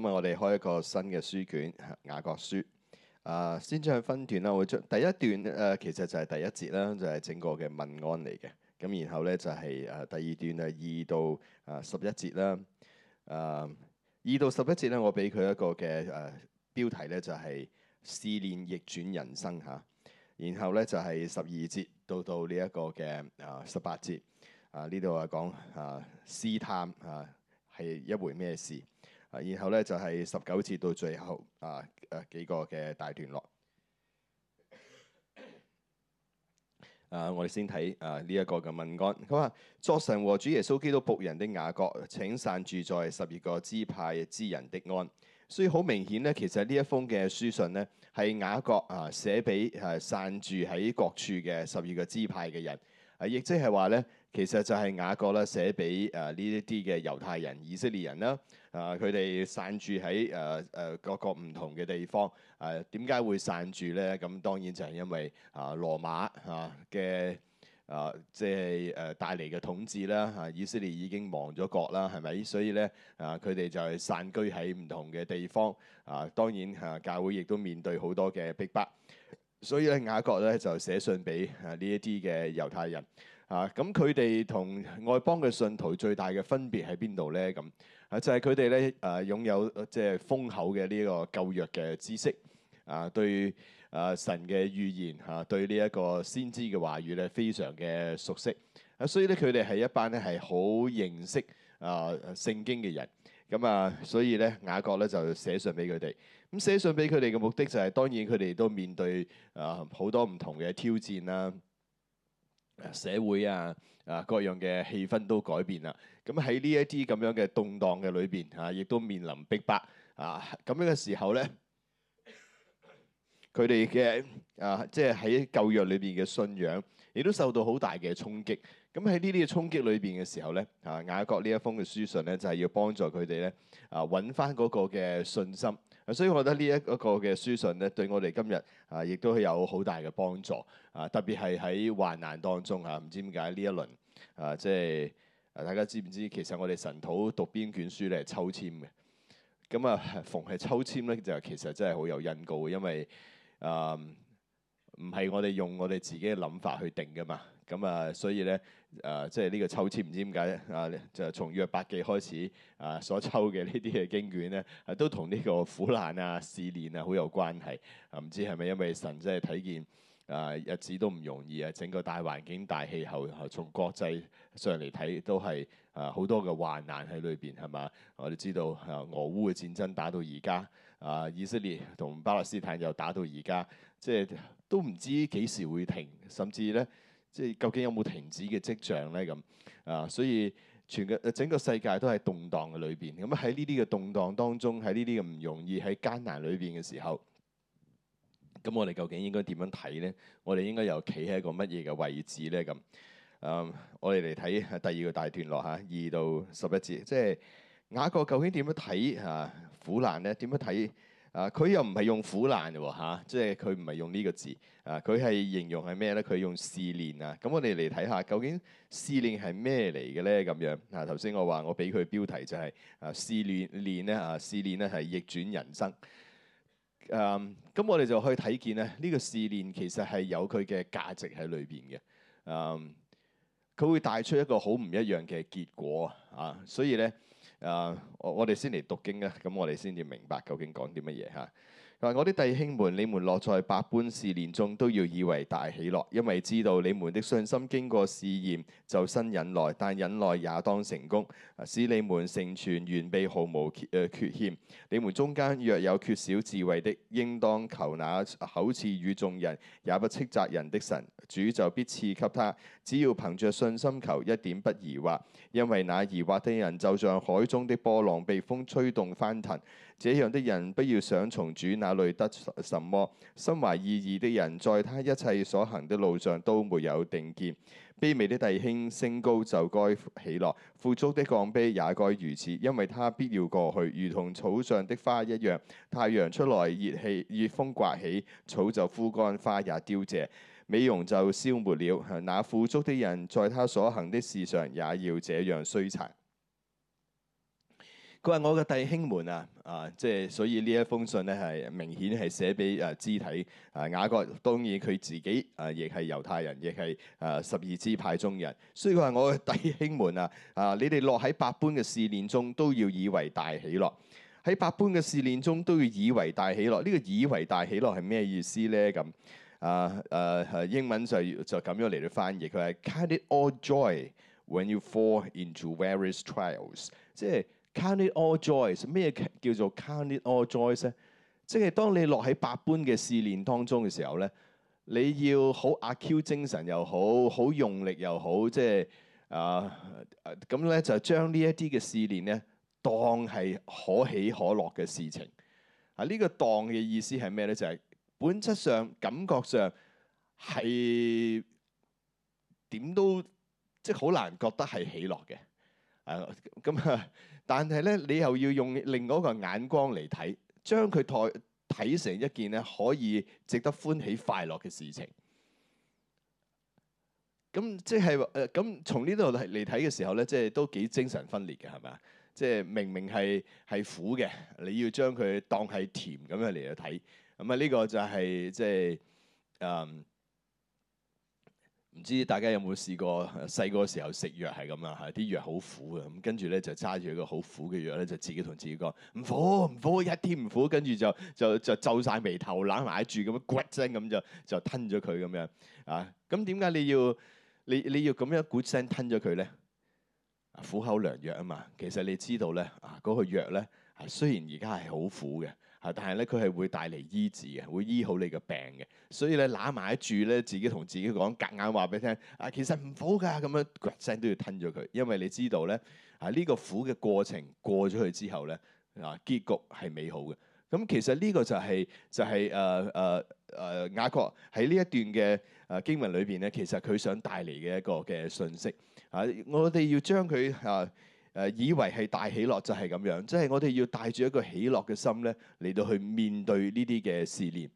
咁啊！我哋開一個新嘅書卷《雅各書》，啊，先將佢分段啦。我會出第一段誒，其實就係第一節啦，就係、是、整個嘅問安嚟嘅。咁然後咧就係誒第二段啊，二到啊十一節啦。啊，二到十一節咧，節我俾佢一個嘅誒標題咧、就是，就係試煉逆轉人生吓。然後咧就係十二節到到呢一個嘅啊十八節啊，呢度啊講啊試探啊係一回咩事？啊，然後咧就係十九節到最後啊，誒幾個嘅大段落。啊，我哋先睇啊呢一、這個嘅問安。佢、嗯、話：作神和主耶穌基督僕人的雅各，請散住在十二個支派之人的安。所以好明顯咧，其實呢一封嘅書信咧，係雅各寫啊寫俾誒散住喺各處嘅十二個支派嘅人。啊，亦即係話咧。其實就係雅各啦，寫俾誒呢一啲嘅猶太人、以色列人啦。誒、呃，佢哋散住喺誒誒各個唔同嘅地方。誒、呃，點解會散住咧？咁當然就係因為啊，羅馬啊嘅啊，即係誒帶嚟嘅統治啦。啊，以色列已經亡咗國啦，係咪？所以咧，啊，佢哋就係散居喺唔同嘅地方。啊，當然嚇、啊、教會亦都面對好多嘅逼迫，所以咧雅各咧就寫信俾啊呢一啲嘅猶太人。啊，咁佢哋同外邦嘅信徒最大嘅分別喺邊度咧？咁啊，就係佢哋咧，誒擁有即係豐厚嘅呢個舊約嘅知識，啊，對誒神嘅預言嚇，對呢一個先知嘅話語咧，非常嘅熟悉啊，所以咧佢哋係一班咧係好認識啊聖經嘅人，咁啊，所以咧雅各咧就寫信俾佢哋，咁寫信俾佢哋嘅目的就係當然佢哋都面對誒好多唔同嘅挑戰啦。社會啊，啊各樣嘅氣氛都改變啦。咁喺呢一啲咁樣嘅動盪嘅裏邊啊，亦都面臨逼迫啊。咁樣嘅時候咧，佢哋嘅啊，即係喺舊約裏邊嘅信仰，亦都受到好大嘅衝擊。咁喺呢啲嘅衝擊裏邊嘅時候咧，啊雅各呢一封嘅書信咧，就係要幫助佢哋咧啊，揾翻嗰個嘅信心。所以我覺得呢一個嘅書信咧，對我哋今日啊，亦都有好大嘅幫助啊！特別係喺患難當中啊，唔知點解呢一輪啊，即係大家知唔知？其實我哋晨禱讀邊卷書咧係抽籤嘅，咁啊，逢係抽籤咧就其實真係好有恩膏嘅，因為啊，呃，唔係我哋用我哋自己嘅諗法去定噶嘛。咁啊，所以咧，誒、呃，即係呢個抽籤唔知點解，啊、呃，就從約伯記開始，啊、呃，所抽嘅呢啲嘅經卷咧、呃，都同呢個苦難啊、試煉啊，好有關係。唔、啊、知係咪因為神真係睇見啊、呃，日子都唔容易啊，整個大環境、大氣候，從國際上嚟睇都係啊，好、呃、多嘅患難喺裏邊，係嘛？我哋知道啊、呃，俄烏嘅戰爭打到而家，啊、呃，以色列同巴勒斯坦又打到而家，即係都唔知幾時會停，甚至咧。即係究竟有冇停止嘅跡象咧咁啊？所以全個整個世界都係動盪嘅裏邊。咁喺呢啲嘅動盪當中，喺呢啲咁唔容易、喺艱難裏邊嘅時候，咁我哋究竟應該點樣睇咧？我哋應該又企喺一個乜嘢嘅位置咧咁？誒、啊，我哋嚟睇第二個大段落嚇，二、啊、到十一節，即、就、係、是、雅各究竟點樣睇啊苦難咧？點樣睇？啊！佢又唔係用苦難嘅喎，嚇，即係佢唔係用呢個字。啊，佢係形容係咩咧？佢用試煉啊。咁我哋嚟睇下，究竟試煉係咩嚟嘅咧？咁樣啊，頭先我話我俾佢標題就係、係、啊試煉練咧啊試煉咧，係逆轉人生。啊，咁我哋就可以睇見咧，呢、呢個試煉其實係有佢嘅價值喺裏邊嘅。啊，佢會帶出一個好唔一樣嘅結果啊，所以咧。誒、uh，我我哋先嚟讀經吖，咁、嗯、我哋先至明白究竟講啲乜嘢吓。嗱，我啲弟兄們，你們落在百般試煉中，都要以為大喜樂，因為知道你們的信心經過試驗，就生忍耐。但忍耐也當成功，使你們成全完備，毫無缺陷。你們中間若有缺少智慧的，應當求那口賜與眾人，也不斥責人的神，主就必賜給他。只要憑着信心求，一點不疑惑，因為那疑惑的人，就像海中的波浪，被風吹動翻騰。這樣的人不要想從主那裏得什麼。心懷二意的人在他一切所行的路上都沒有定見。卑微的弟兄升高就該喜樂，富足的降卑也該如此，因為他必要過去，如同草上的花一樣。太陽出來，熱氣熱風刮起，草就枯乾，花也凋謝，美容就消沒了。那富足的人在他所行的事上也要這樣衰殘。佢話：我嘅弟兄們啊，啊，即係所以呢一封信咧係明顯係寫俾誒肢體、誒雅各。當然佢自己誒、啊、亦係猶太人，亦係誒、啊、十二支派中人。所以佢話：我嘅弟兄們啊，啊，你哋落喺百般嘅試煉中都要以為大喜樂。喺百般嘅試煉中都要以為大喜樂。呢、這個以為大喜樂係咩意思咧？咁啊啊英文就就咁樣嚟到翻譯佢係 count it all joy when you fall into various trials，即係。Count it all joys 咩叫做 count it all joys 咧？即係當你落喺百般嘅試練當中嘅時候咧，你要好阿 Q 精神又好，好用力又好，即係啊咁咧就將呢一啲嘅試練咧當係可喜可樂嘅事情。啊，呢、這個當嘅意思係咩咧？就係、是、本質上感覺上係點都即係好難覺得係喜樂嘅。啊，咁啊～但係咧，你又要用另外一個眼光嚟睇，將佢睇睇成一件咧可以值得歡喜快樂嘅事情。咁、嗯、即係誒，咁、呃、從呢度嚟睇嘅時候咧，即係都幾精神分裂嘅係咪？即係明明係係苦嘅，你要將佢當係甜咁樣嚟去睇。咁、嗯、啊，呢、這個就係、是、即係誒。嗯唔知大家有冇試過細個時候食藥係咁啦，係啲藥好苦嘅，咁跟住咧就揸住一個好苦嘅藥咧，就自己同自己講唔苦唔苦，一啲唔苦，跟住就就就皺晒眉頭，攬埋住咁樣，骨聲咁就就吞咗佢咁樣啊！咁點解你要你你要咁樣鼓聲吞咗佢咧？苦口良藥啊嘛，其實你知道咧啊，嗰個藥咧，雖然而家係好苦嘅。但係咧，佢係會帶嚟醫治嘅，會醫好你嘅病嘅。所以咧，攬埋住咧，自己同自己講，夾硬話俾你聽啊，其實唔苦噶咁樣，一聲都要吞咗佢。因為你知道咧，啊呢個苦嘅過程過咗去之後咧，啊結局係美好嘅。咁其實呢個就係就係誒誒誒雅各喺呢一段嘅誒經文裏邊咧，其實佢、就是就是呃呃呃、想帶嚟嘅一個嘅信息啊！我哋要將佢啊～、呃誒以為係大喜樂就係咁樣，即係我哋要帶住一個喜樂嘅心咧，嚟到去面對呢啲嘅試煉。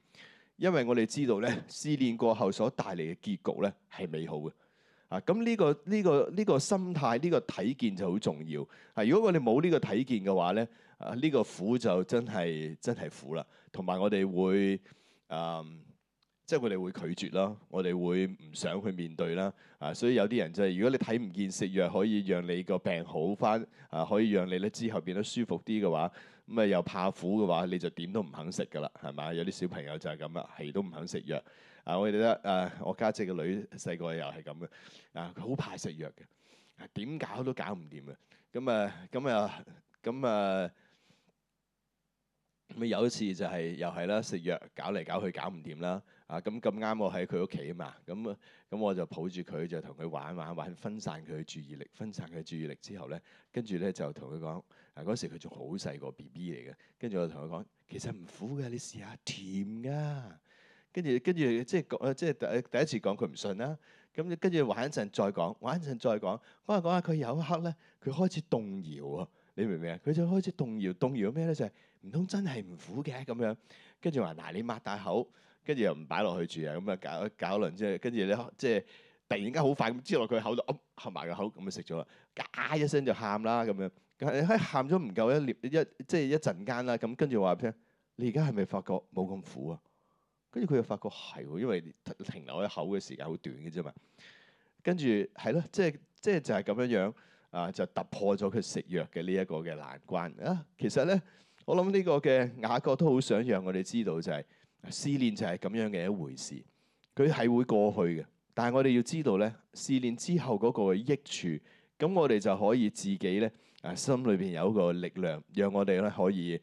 因為我哋知道咧，試煉過後所帶嚟嘅結局咧係美好嘅。啊，咁呢個呢個呢個心態呢個睇見就好重要。啊，如果我哋冇呢個睇見嘅話咧，啊呢個苦就真係真係苦啦。同埋我哋會啊。嗯即係佢哋會拒絕啦，我哋會唔想去面對啦，啊，所以有啲人就係、是、如果你睇唔見食藥可以讓你個病好返，啊，可以讓你咧之後變得舒服啲嘅話，咁、嗯、啊又怕苦嘅話，你就點都唔肯食㗎喇，係咪？有啲小朋友就係咁啊，係都唔肯食藥。啊，我記得誒、啊、我家姐嘅女細個又係咁嘅，啊，佢好怕食藥嘅，點搞都搞唔掂嘅。咁啊咁啊咁啊，咪有一次就係、是、又係啦，食藥搞嚟搞去搞唔掂啦。啊！咁咁啱，我喺佢屋企啊嘛。咁咁，我就抱住佢，就同佢玩玩玩，玩分散佢嘅注意力，分散佢注意力之後咧，呢跟住咧就同佢講嗱，嗰時佢仲好細個 B B 嚟嘅。跟住我同佢講，其實唔苦嘅，你試下甜噶。跟住跟住，即係即係第第一次講，佢唔信啦。咁跟住玩一陣再講，玩一陣再講。講下講下，佢有一刻咧，佢開始動搖喎。你明唔明啊？佢就開始動搖，動搖咩咧？就係唔通真係唔苦嘅咁樣。跟住話嗱，你擘大口。跟住又唔擺落去住啊！咁啊，搞一搞輪之後，跟住咧，即係突然間好快咁擠落佢口度，噏合埋個口，咁咪食咗啦，嘎一聲就喊啦咁樣。但喺喊咗唔夠一一,一即係一陣間啦，咁跟住話畀聽你而家係咪發覺冇咁苦啊？跟住佢又發覺係喎，因為停留喺口嘅時間好短嘅啫嘛。跟住係咯，即係即係就係咁樣樣啊，就突破咗佢食藥嘅呢一個嘅難關啊。其實咧，我諗呢個嘅雅各都好想讓我哋知道就係。.試煉就係咁樣嘅一回事，佢係會過去嘅，但係我哋要知道咧，試煉之後嗰個益處，咁我哋就可以自己咧，誒心裏邊有一個力量，讓我哋咧可以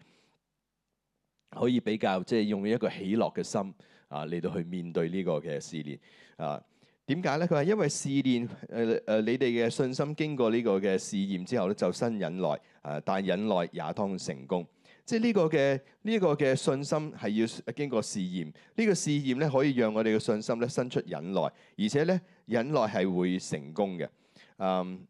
可以比較，即係用一個喜樂嘅心啊嚟到去面對呢個嘅試煉啊。點解咧？佢話因為試煉誒誒，你哋嘅信心經過呢個嘅試驗之後咧，就生忍耐，誒、啊、但忍耐也當成功。即係呢個嘅呢、這個嘅信心係要經過試驗，呢、這個試驗咧可以讓我哋嘅信心咧生出忍耐，而且咧忍耐係會成功嘅。嗯，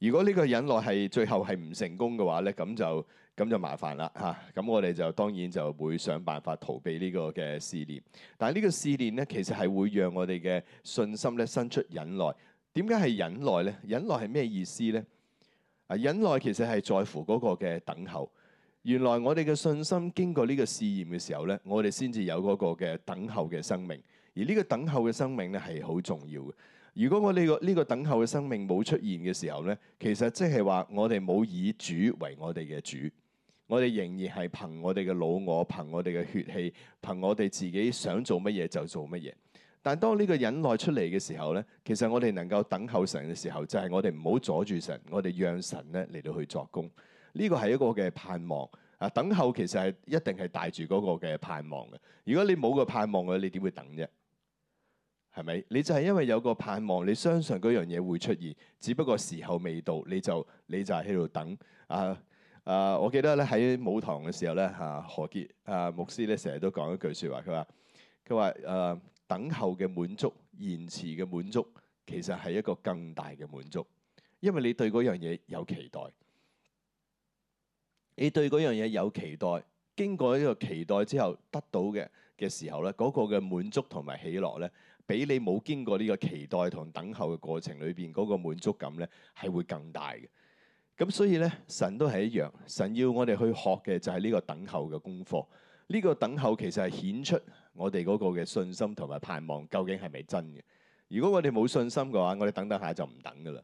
如果呢個忍耐係最後係唔成功嘅話咧，咁就咁就麻煩啦嚇。咁、啊、我哋就當然就會想辦法逃避呢個嘅試驗，但係呢個試驗咧其實係會讓我哋嘅信心咧生出忍耐。點解係忍耐咧？忍耐係咩意思咧？啊，忍耐其實係在乎嗰個嘅等候。原來我哋嘅信心經過呢個試驗嘅時候咧，我哋先至有嗰個嘅等候嘅生命。而呢個等候嘅生命咧係好重要嘅。如果我呢個呢個等候嘅生命冇出現嘅時候咧，其實即係話我哋冇以主為我哋嘅主，我哋仍然係憑我哋嘅老我，憑我哋嘅血氣，憑我哋自己想做乜嘢就做乜嘢。但係當呢個忍耐出嚟嘅時候咧，其實我哋能夠等候神嘅時候，就係、是、我哋唔好阻住神，我哋讓神咧嚟到去作工。呢個係一個嘅盼望啊！等候其實係一定係帶住嗰個嘅盼望嘅。如果你冇個盼望嘅，你點會等啫？係咪？你就係因為有個盼望，你相信嗰樣嘢會出現，只不過時候未到，你就你就喺度等啊！啊！我記得咧喺舞堂嘅時候咧嚇、啊，何傑啊牧師咧成日都講一句説話，佢話佢話誒等候嘅滿足，延遲嘅滿足，其實係一個更大嘅滿足，因為你對嗰樣嘢有期待。你對嗰樣嘢有期待，經過呢個期待之後得到嘅嘅時候咧，嗰個嘅滿足同埋喜樂咧，比你冇經過呢個期待同等候嘅過程裏邊嗰個滿足感咧，係會更大嘅。咁所以咧，神都係一樣，神要我哋去學嘅就係呢個等候嘅功課。呢個等候其實係顯出我哋嗰個嘅信心同埋盼望究竟係咪真嘅？如果我哋冇信心嘅話，我哋等等下就唔等㗎喇，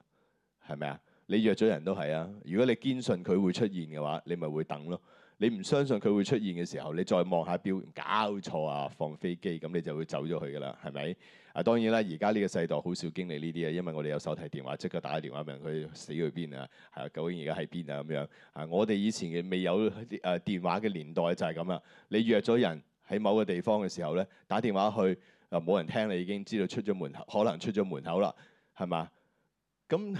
係咪啊？你約咗人都係啊！如果你堅信佢會出現嘅話，你咪會等咯。你唔相信佢會出現嘅時候，你再望下表，搞錯啊，放飛機咁，你就會走咗去噶啦，係咪啊？當然啦，而家呢個世代好少經歷呢啲啊，因為我哋有手提電話，即刻打個電話問佢死去邊啊，啊究竟而家喺邊啊咁樣啊。我哋以前嘅未有誒電話嘅年代就係咁啦。你約咗人喺某個地方嘅時候咧，打電話去又冇、啊、人聽你，你已經知道出咗門口，可能出咗門口啦，係嘛咁。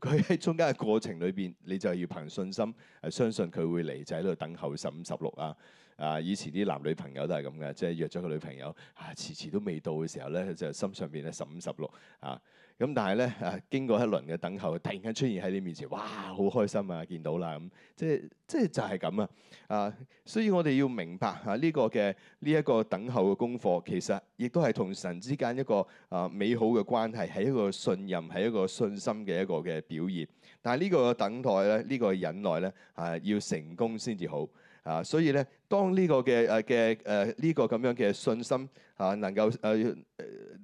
佢喺中間嘅過程裏邊，你就要憑信心，係相信佢會嚟，就喺度等候十五十六啊！啊，以前啲男女朋友都係咁嘅，即係約咗個女朋友，啊，遲遲都未到嘅時候咧，就係心上邊咧十五十六啊。咁但係咧啊，經過一輪嘅等候，突然間出現喺你面前，哇，好開心啊！見到啦，咁、嗯、即係即係就係、是、咁啊！啊，所以我哋要明白啊，呢、這個嘅呢一個等候嘅功課，其實亦都係同神之間一個啊美好嘅關係，係一個信任，係一個信心嘅一個嘅表現。但係呢個等待咧，呢、這個忍耐咧，啊，要成功先至好啊！所以咧，當呢個嘅誒嘅誒呢個咁樣嘅信心啊，能夠誒、啊、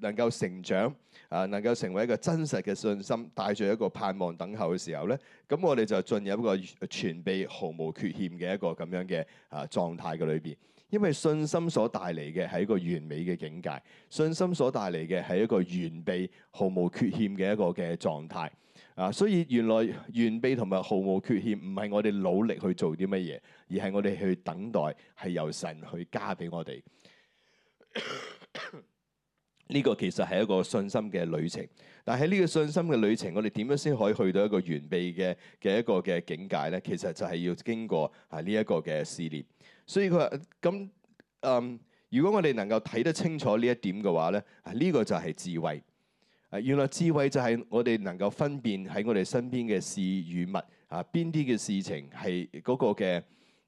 能夠成長。啊，能夠成為一個真實嘅信心，帶著一個盼望等候嘅時候咧，咁我哋就進入一個全備、毫無缺欠嘅一個咁樣嘅啊狀態嘅裏邊。因為信心所帶嚟嘅係一個完美嘅境界，信心所帶嚟嘅係一個完備、毫無缺欠嘅一個嘅狀態。啊，所以原來完備同埋毫無缺欠唔係我哋努力去做啲乜嘢，而係我哋去等待，係由神去加俾我哋。 呢個其實係一個信心嘅旅程，但係呢個信心嘅旅程，我哋點樣先可以去到一個完備嘅嘅一個嘅境界咧？其實就係要經過啊呢一個嘅試煉。所以佢話：咁嗯，如果我哋能夠睇得清楚呢一點嘅話咧，啊、呢、呢個就係智慧。啊，原來智慧就係我哋能夠分辨喺我哋身邊嘅事與物啊，邊啲嘅事情係嗰個嘅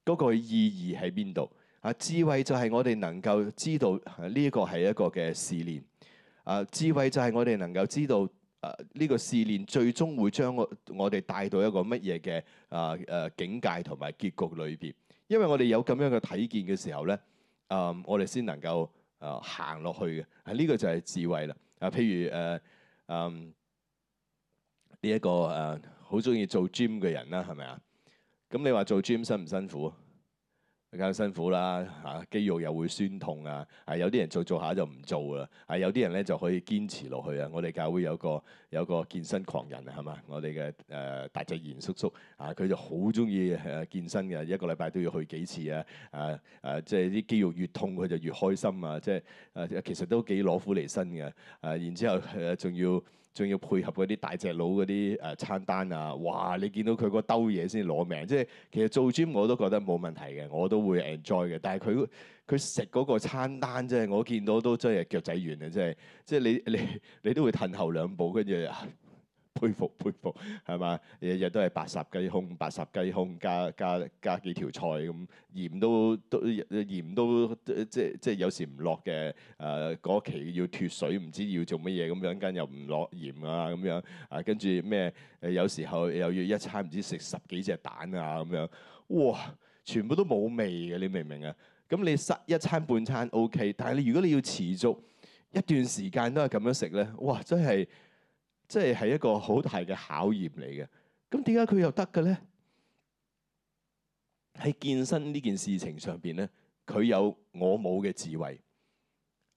嗰、嗰個、意義喺邊度？啊，智慧就係我哋能夠知道呢一個係一個嘅試煉。啊！智慧就係我哋能夠知道，誒、呃、呢、這個試練最終會將我我哋帶到一個乜嘢嘅啊誒境界同埋結局裏邊，因為我哋有咁樣嘅睇見嘅時候咧、呃呃，啊我哋先能夠啊行落去嘅，係、這、呢個就係智慧啦。啊，譬如誒，嗯、呃，呢一個誒好鍾意做 gym 嘅人啦，係咪啊？咁你話做 gym 辛唔辛苦啊？更加辛苦啦嚇，肌肉又會酸痛啊！啊，有啲人做做下就唔做啦，啊有啲人咧就可以堅持落去啊！我哋教會有個有個健身狂人啊，係嘛？我哋嘅誒大隻賢叔叔啊，佢就好中意誒健身嘅，一個禮拜都要去幾次啊！誒、啊、誒，即係啲肌肉越痛佢就越開心啊！即係誒其實都幾攞苦嚟辛嘅啊！然之後誒仲、啊、要。仲要配合嗰啲大隻佬嗰啲誒餐單啊！哇，你見到佢個兜嘢先攞命，即係其實做 gym 我都覺得冇問題嘅，我都會 enjoy 嘅。但係佢佢食嗰個餐單即係我見到都真係腳仔軟啊！即係即係你你你都會褪後兩步跟住啊～ 佩服佩服，係嘛？日日都係白烚雞胸、白烚雞胸加加加幾條菜咁，鹽都都鹽都即即有時唔落嘅。誒，嗰期要脫水，唔知要做乜嘢咁樣，間又唔落鹽啊咁樣。啊，跟住咩？誒，有時候又要一餐唔知食十幾隻蛋啊咁樣。哇！全部都冇味嘅，你明唔明啊？咁你塞一餐半餐 OK，但係你如果你要持續一段時間都係咁樣食咧，哇！真係～即係係一個好大嘅考驗嚟嘅，咁點解佢又得嘅咧？喺健身呢件事情上邊咧，佢有我冇嘅智慧，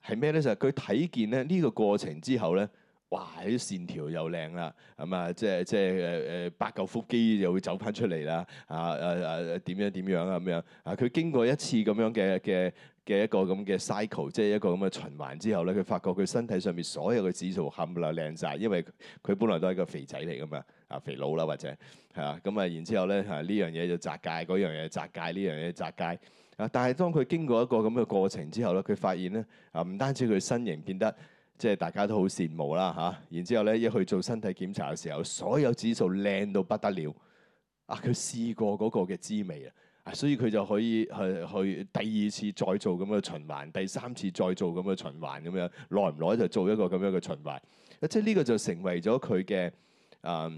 係咩咧？就係佢睇見咧呢個過程之後咧，哇！啲線條又靚啦，係嘛？即係即係誒誒八嚿腹肌又會走翻出嚟啦，啊啊啊！點樣點樣啊咁樣啊？佢、啊、經過一次咁樣嘅嘅。嘅一個咁嘅 cycle，即係一個咁嘅循環之後咧，佢發覺佢身體上面所有嘅指數冚唪唥靚晒，因為佢本來都係一個肥仔嚟㗎嘛，啊肥佬啦或者係啊，咁啊然之後咧啊呢樣嘢就摘戒，嗰樣嘢摘戒，呢樣嘢摘戒啊，但係當佢經過一個咁嘅過程之後咧，佢發現咧啊唔單止佢身形變得即係、就是、大家都好羨慕啦嚇，啊，然之後咧一去做身體檢查嘅時候，所有指數靚到不得了啊！佢試過嗰個嘅滋味啊！所以佢就可以去去第二次再做咁嘅循環，第三次再做咁嘅循環咁樣，耐唔耐就做一個咁樣嘅循環。即係呢個就成為咗佢嘅啊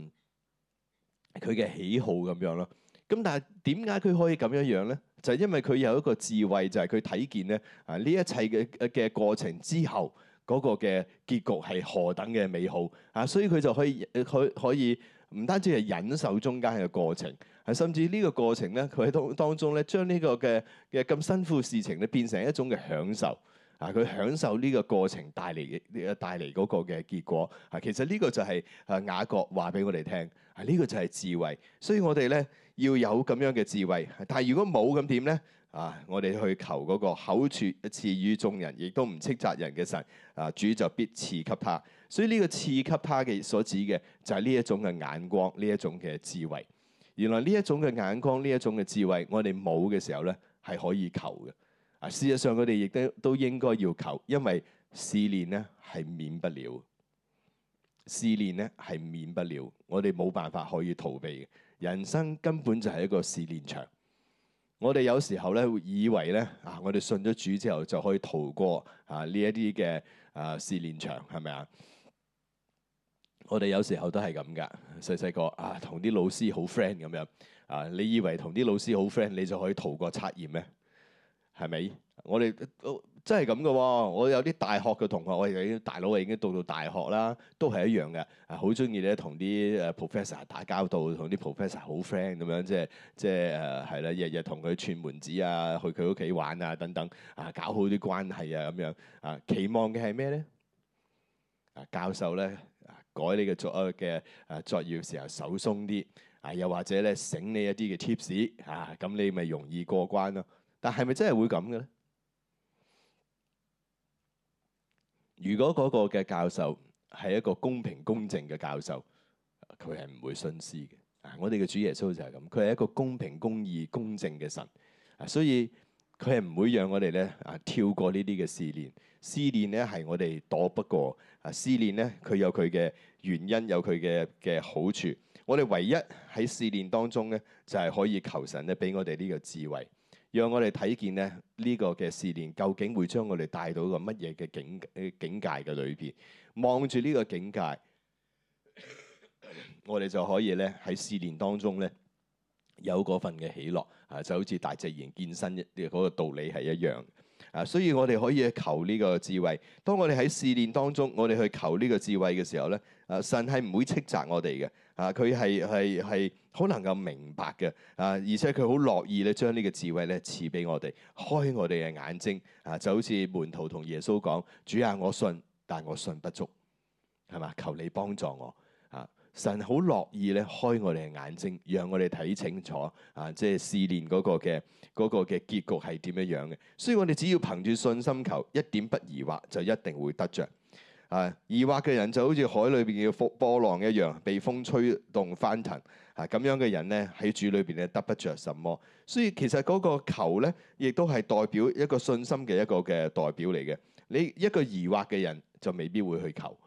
佢嘅喜好咁樣咯。咁但係點解佢可以咁樣樣咧？就係因為佢有一個智慧，就係佢睇見咧啊呢一切嘅嘅過程之後，嗰個嘅結局係何等嘅美好啊！所以佢就可以佢可以唔單止係忍受中間嘅過程。係，甚至呢個過程咧，佢喺當當中咧，將呢個嘅嘅咁辛苦事情咧，變成一種嘅享受啊！佢享受呢個過程帶嚟嘅帶嚟嗰個嘅結果啊。其實呢個就係啊雅各話俾我哋聽啊，呢、這個就係智慧，所以我哋咧要有咁樣嘅智慧。啊、但係如果冇咁點咧啊，我哋去求嗰個口處賜予眾人，亦都唔斥責人嘅神啊，主就必賜給他。所以呢個賜給他嘅所指嘅就係呢一種嘅眼光，呢一種嘅智慧。原來呢一種嘅眼光，呢一種嘅智慧，我哋冇嘅時候呢係可以求嘅。啊，事實上我哋亦都都應該要求，因為試練呢係免不了，試練呢係免不了。我哋冇辦法可以逃避嘅，人生根本就係一個試練場。我哋有時候呢，會以為呢，啊，我哋信咗主之後就可以逃過啊呢一啲嘅啊試練場，係咪啊？我哋有時候都係咁噶，細細個啊，同啲老師好 friend 咁樣啊。你以為同啲老師好 friend，你就可以逃過測驗咩？係咪？我哋、啊哦、真係咁噶。我有啲大學嘅同學，我哋大佬已經到到大學啦，都係一樣嘅。啊，好中意咧，同啲 professor 打交道，同啲 professor 好 friend 咁樣，即係即係誒係啦，日日同佢串門子啊，去佢屋企玩啊等等啊，搞好啲關係啊咁樣啊。期望嘅係咩咧？啊，教授咧。改你嘅作嘅誒作業時候手鬆啲啊，又或者咧醒你一啲嘅 tips 啊，咁你咪容易過關咯。但係咪真係會咁嘅咧？如果嗰個嘅教授係一個公平公正嘅教授，佢係唔會徇私嘅。我哋嘅主耶穌就係咁，佢係一個公平公義公正嘅神，所以佢係唔會讓我哋咧啊跳過呢啲嘅試練。試煉咧係我哋躲不過，啊試煉咧佢有佢嘅原因，有佢嘅嘅好處。我哋唯一喺試煉當中咧，就係可以求神咧俾我哋呢個智慧，讓我哋睇見咧呢個嘅試煉究竟會將我哋帶到個乜嘢嘅境境界嘅裏邊。望住呢個境界，我哋就可以咧喺試煉當中咧有嗰份嘅喜樂，啊就好似大自然健身一嗰個道理係一樣。啊！所以我哋可以求呢個智慧。當我哋喺試煉當中，我哋去求呢個智慧嘅時候咧，啊，神係唔會斥責我哋嘅。啊，佢係係係好能夠明白嘅。啊，而且佢好樂意咧將呢個智慧咧賜俾我哋，開我哋嘅眼睛。啊，就好似門徒同耶穌講：主啊，我信，但我信不足，係嘛？求你幫助我。神好樂意咧開我哋嘅眼睛，讓我哋睇清楚啊！即係試煉嗰個嘅嗰個嘅結局係點樣樣嘅。所以我哋只要憑住信心求，一點不疑惑就一定會得着。啊，疑惑嘅人就好似海裏邊嘅風波浪一樣，被風吹動翻騰。啊，咁樣嘅人咧喺主裏邊咧得不着什麼。所以其實嗰個求咧，亦都係代表一個信心嘅一個嘅代表嚟嘅。你一個疑惑嘅人就未必會去求。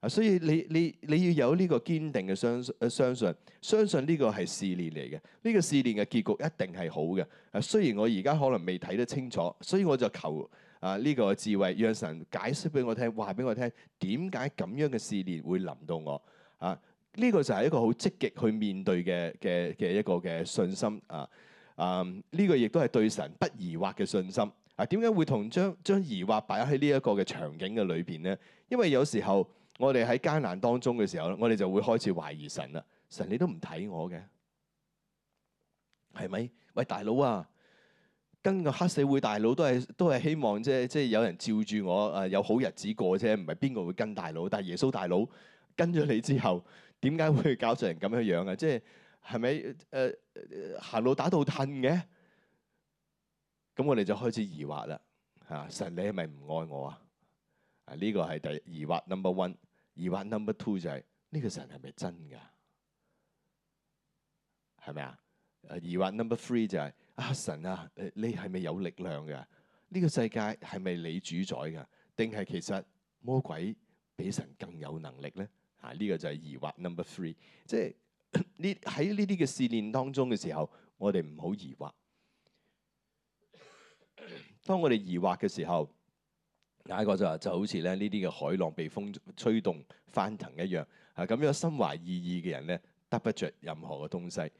啊！所以你你你要有呢個堅定嘅相信誒相信，相信呢個係試煉嚟嘅，呢個試煉嘅結局一定係好嘅。啊，雖然我而家可能未睇得清楚，所以我就求啊呢個智慧，讓神解釋俾我聽，話俾我聽，點解咁樣嘅試煉會臨到我？啊，呢個就係一個好積極去面對嘅嘅嘅一個嘅信心啊啊！嗯，呢個亦都係對神不疑惑嘅信心。啊，點解會同將將疑惑擺喺呢一個嘅場景嘅裏邊咧？因為有時候。我哋喺艱難當中嘅時候咧，我哋就會開始懷疑神啦。神你都唔睇我嘅，係咪？喂大佬啊，跟個黑社會大佬都係都係希望即係即係有人照住我啊、呃，有好日子過啫。唔係邊個會跟大佬？但係耶穌大佬跟咗你之後，點解會搞成咁樣樣啊？即係係咪誒行路打到褪嘅？咁我哋就開始疑惑啦。吓、啊，神你係咪唔愛我啊？啊、這、呢個係第一疑惑 number one。疑惑 number two 就係、是、呢、這個神係咪真噶？係咪啊？疑惑 number three 就係、是、啊神啊，你係咪有力量噶？呢、這個世界係咪你主宰噶？定係其實魔鬼比神更有能力咧？啊呢、這個就係疑惑 number three 即。即係呢喺呢啲嘅試煉當中嘅時候，我哋唔好疑惑。當我哋疑惑嘅時候，嗱一個就話、就好似咧呢啲嘅海浪被風吹，吹動翻騰一樣啊！咁樣心懷二意嘅人咧，得不著任何嘅東西。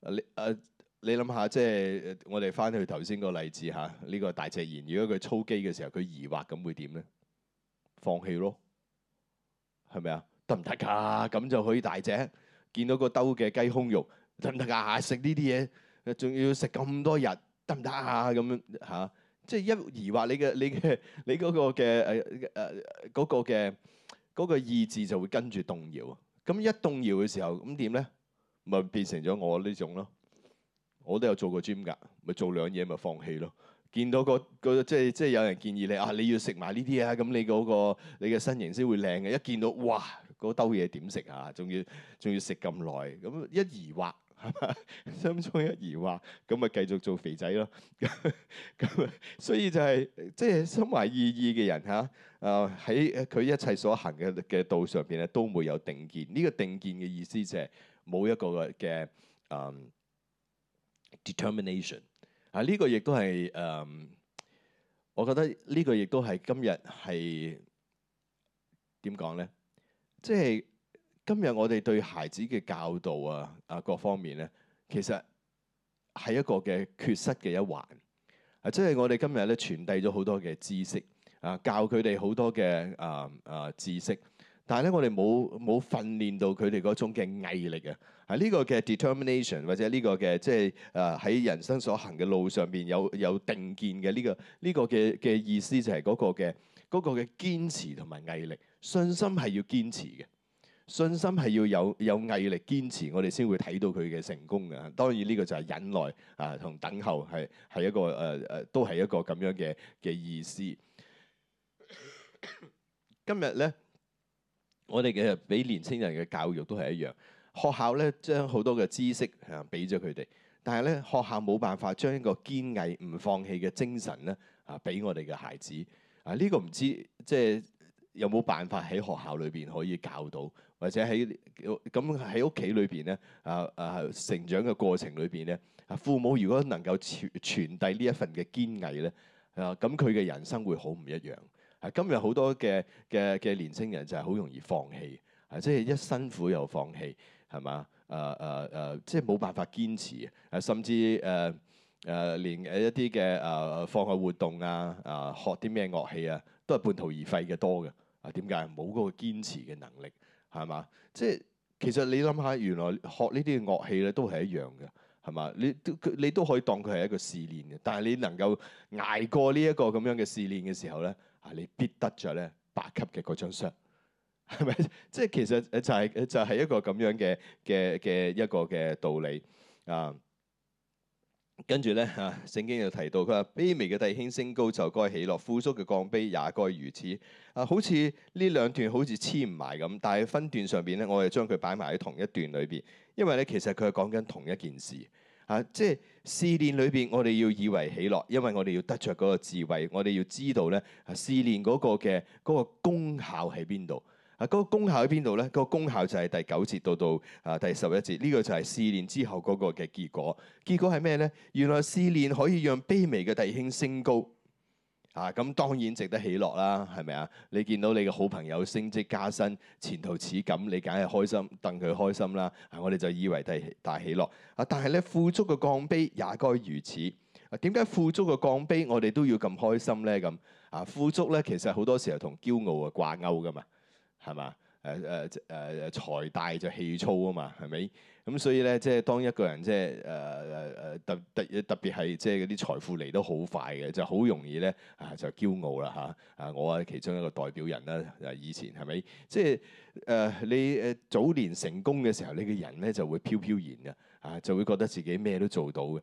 你、啊、誒，你諗下、啊，即係我哋翻去頭先個例子嚇，呢、啊這個大隻賢，如果佢操機嘅時候，佢疑惑咁會點咧？放棄咯，係咪啊？得唔得㗎？咁就可以大隻見到個兜嘅雞胸肉，得唔得㗎？嚇食呢啲嘢，仲要食咁多日，得唔得啊？咁、啊、樣嚇。啊即係一疑惑，你嘅你嘅你嗰個嘅誒誒嗰個嘅嗰個意志就會跟住動搖。咁一動搖嘅時候，咁點咧？咪變成咗我呢種咯。我都有做過 gym 㗎，咪做兩嘢咪放棄咯。見到嗰個即係即係有人建議你啊，你要食埋呢啲啊，咁你嗰個你嘅身形先會靚嘅。一見到哇，嗰兜嘢點食啊？仲要仲要食咁耐。咁一疑惑。 心中一疑惑，咁咪繼續做肥仔咯。咁咁，所以就係即係心懷二意嘅人嚇，誒喺佢一切所行嘅嘅道上邊咧，都會有定見。呢個定見嘅意思就係冇一個嘅誒 determination。啊、嗯，呢個亦都係誒，我覺得呢個亦都係今日係點講咧？即係。今日我哋對孩子嘅教導啊啊，各方面咧，其實係一個嘅缺失嘅一環啊。即係我哋今日咧傳遞咗好多嘅知識啊，教佢哋好多嘅啊啊知識，但係咧我哋冇冇訓練到佢哋嗰種嘅毅力啊。啊、這、呢個嘅 determination 或者呢個嘅即係啊喺人生所行嘅路上面，有有定見嘅呢、呢個呢、呢個嘅嘅意思就係嗰個嘅嗰、嗰個嘅堅持同埋毅力，信心係要堅持嘅。信心係要有有毅力堅持，我哋先會睇到佢嘅成功㗎。當然呢個就係忍耐啊，同等候係係一個誒誒、啊，都係一個咁樣嘅嘅意思。今日咧，我哋嘅俾年青人嘅教育都係一樣。學校咧將好多嘅知識啊俾咗佢哋，但係咧學校冇辦法將一個堅毅唔放棄嘅精神咧啊俾我哋嘅孩子啊呢、呢個唔知即係有冇辦法喺學校裏邊可以教到。或者喺咁喺屋企裏邊咧啊啊成長嘅過程裏邊咧，父母如果能夠傳傳遞呢一份嘅堅毅咧啊，咁佢嘅人生會好唔一樣啊。今日好多嘅嘅嘅年青人就係好容易放棄啊，即係一辛苦又放棄係嘛？誒誒誒，即係冇辦法堅持啊，甚至誒誒、啊、連誒一啲嘅誒放學活動啊啊，學啲咩樂器的的啊，都係半途而廢嘅多嘅啊。點解？冇嗰個堅持嘅能力。係嘛？即係其實你諗下，原來學呢啲樂器咧都係一樣嘅，係嘛？你都你都可以當佢係一個試煉嘅。但係你能夠捱過呢一個咁樣嘅試煉嘅時候咧，啊，你必得著咧八級嘅嗰張相，係咪？即 係其實誒就係、誒、就係、誒、一個咁樣嘅嘅嘅一個嘅道理啊。Uh, 跟住咧嚇，聖經又提到佢話：卑微嘅弟兄升高就該喜樂，富足嘅降卑也該如此。啊，好似呢兩段好似黐唔埋咁，但係分段上邊咧，我哋將佢擺埋喺同一段裏邊，因為咧其實佢係講緊同一件事嚇、啊，即係試煉裏邊，我哋要以為喜樂，因為我哋要得着嗰個智慧，我哋要知道咧試煉嗰個嘅嗰、嗰個功效喺邊度。啊！嗰個功效喺邊度咧？個功效就係第九節到到啊第十一節呢個就係試練之後嗰個嘅結果。結果係咩咧？原來試練可以讓卑微嘅弟兄升高啊！咁當然值得喜樂啦，係咪啊？你見到你嘅好朋友升職加薪，前途似錦，你梗係開心，等佢開心啦。啊，我哋就以為大大喜樂啊，但係咧富足嘅降卑也該如此啊？點解富足嘅降卑我哋都要咁開心咧？咁啊，富足咧其實好多時候同驕傲啊掛鈎噶嘛。係嘛？誒誒誒財大就氣粗啊嘛，係咪？咁 所以咧，即係當一個人即係誒誒誒特特特別係即係嗰啲財富嚟得好快嘅，就好容易咧啊就驕傲啦嚇！啊，我係其中一個代表人啦，誒、啊、以前係咪？即係誒、呃、你誒早年成功嘅時候，你嘅人咧就會飄飄然嘅啊，就會覺得自己咩都做到嘅。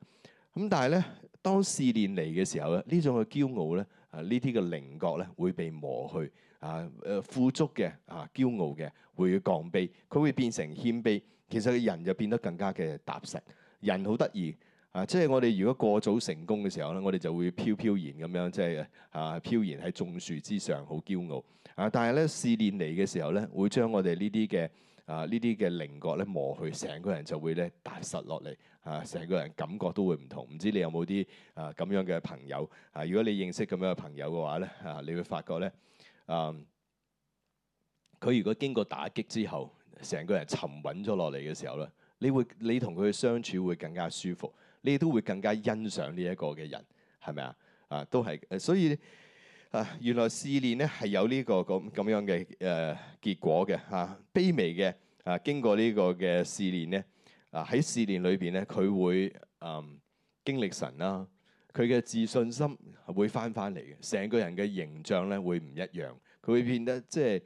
咁、啊、但係咧，當試練嚟嘅時候咧，呢種嘅驕傲咧啊呢啲嘅稜角咧會被磨去。啊！誒富足嘅啊，驕傲嘅會降卑，佢會變成謙卑。其實人就變得更加嘅踏實。人好得意啊！即係我哋如果過早成功嘅時候咧，我哋就會飄飄然咁樣，即係啊飄然喺種樹之上，好驕傲啊！但係咧試練嚟嘅時候咧，會將我哋呢啲嘅啊呢啲嘅稜角咧磨去，成個人就會咧踏實落嚟啊！成個人感覺都會唔同。唔知你有冇啲啊咁樣嘅朋友啊？如果你認識咁樣嘅朋友嘅話咧啊，你會發覺咧。啊！佢、嗯、如果經過打擊之後，成個人沉穩咗落嚟嘅時候咧，你會你同佢嘅相處會更加舒服，你都會更加欣賞呢一個嘅人，係咪啊？啊，都係，所以啊，原來試煉咧係有呢、呢個咁咁樣嘅誒、呃、結果嘅嚇，卑、啊、微嘅啊，經過呢個嘅試煉咧啊，喺試煉裏邊咧，佢會嗯經歷神啦、啊。佢嘅自信心係會翻翻嚟嘅，成個人嘅形象咧會唔一樣，佢會變得即係、就是、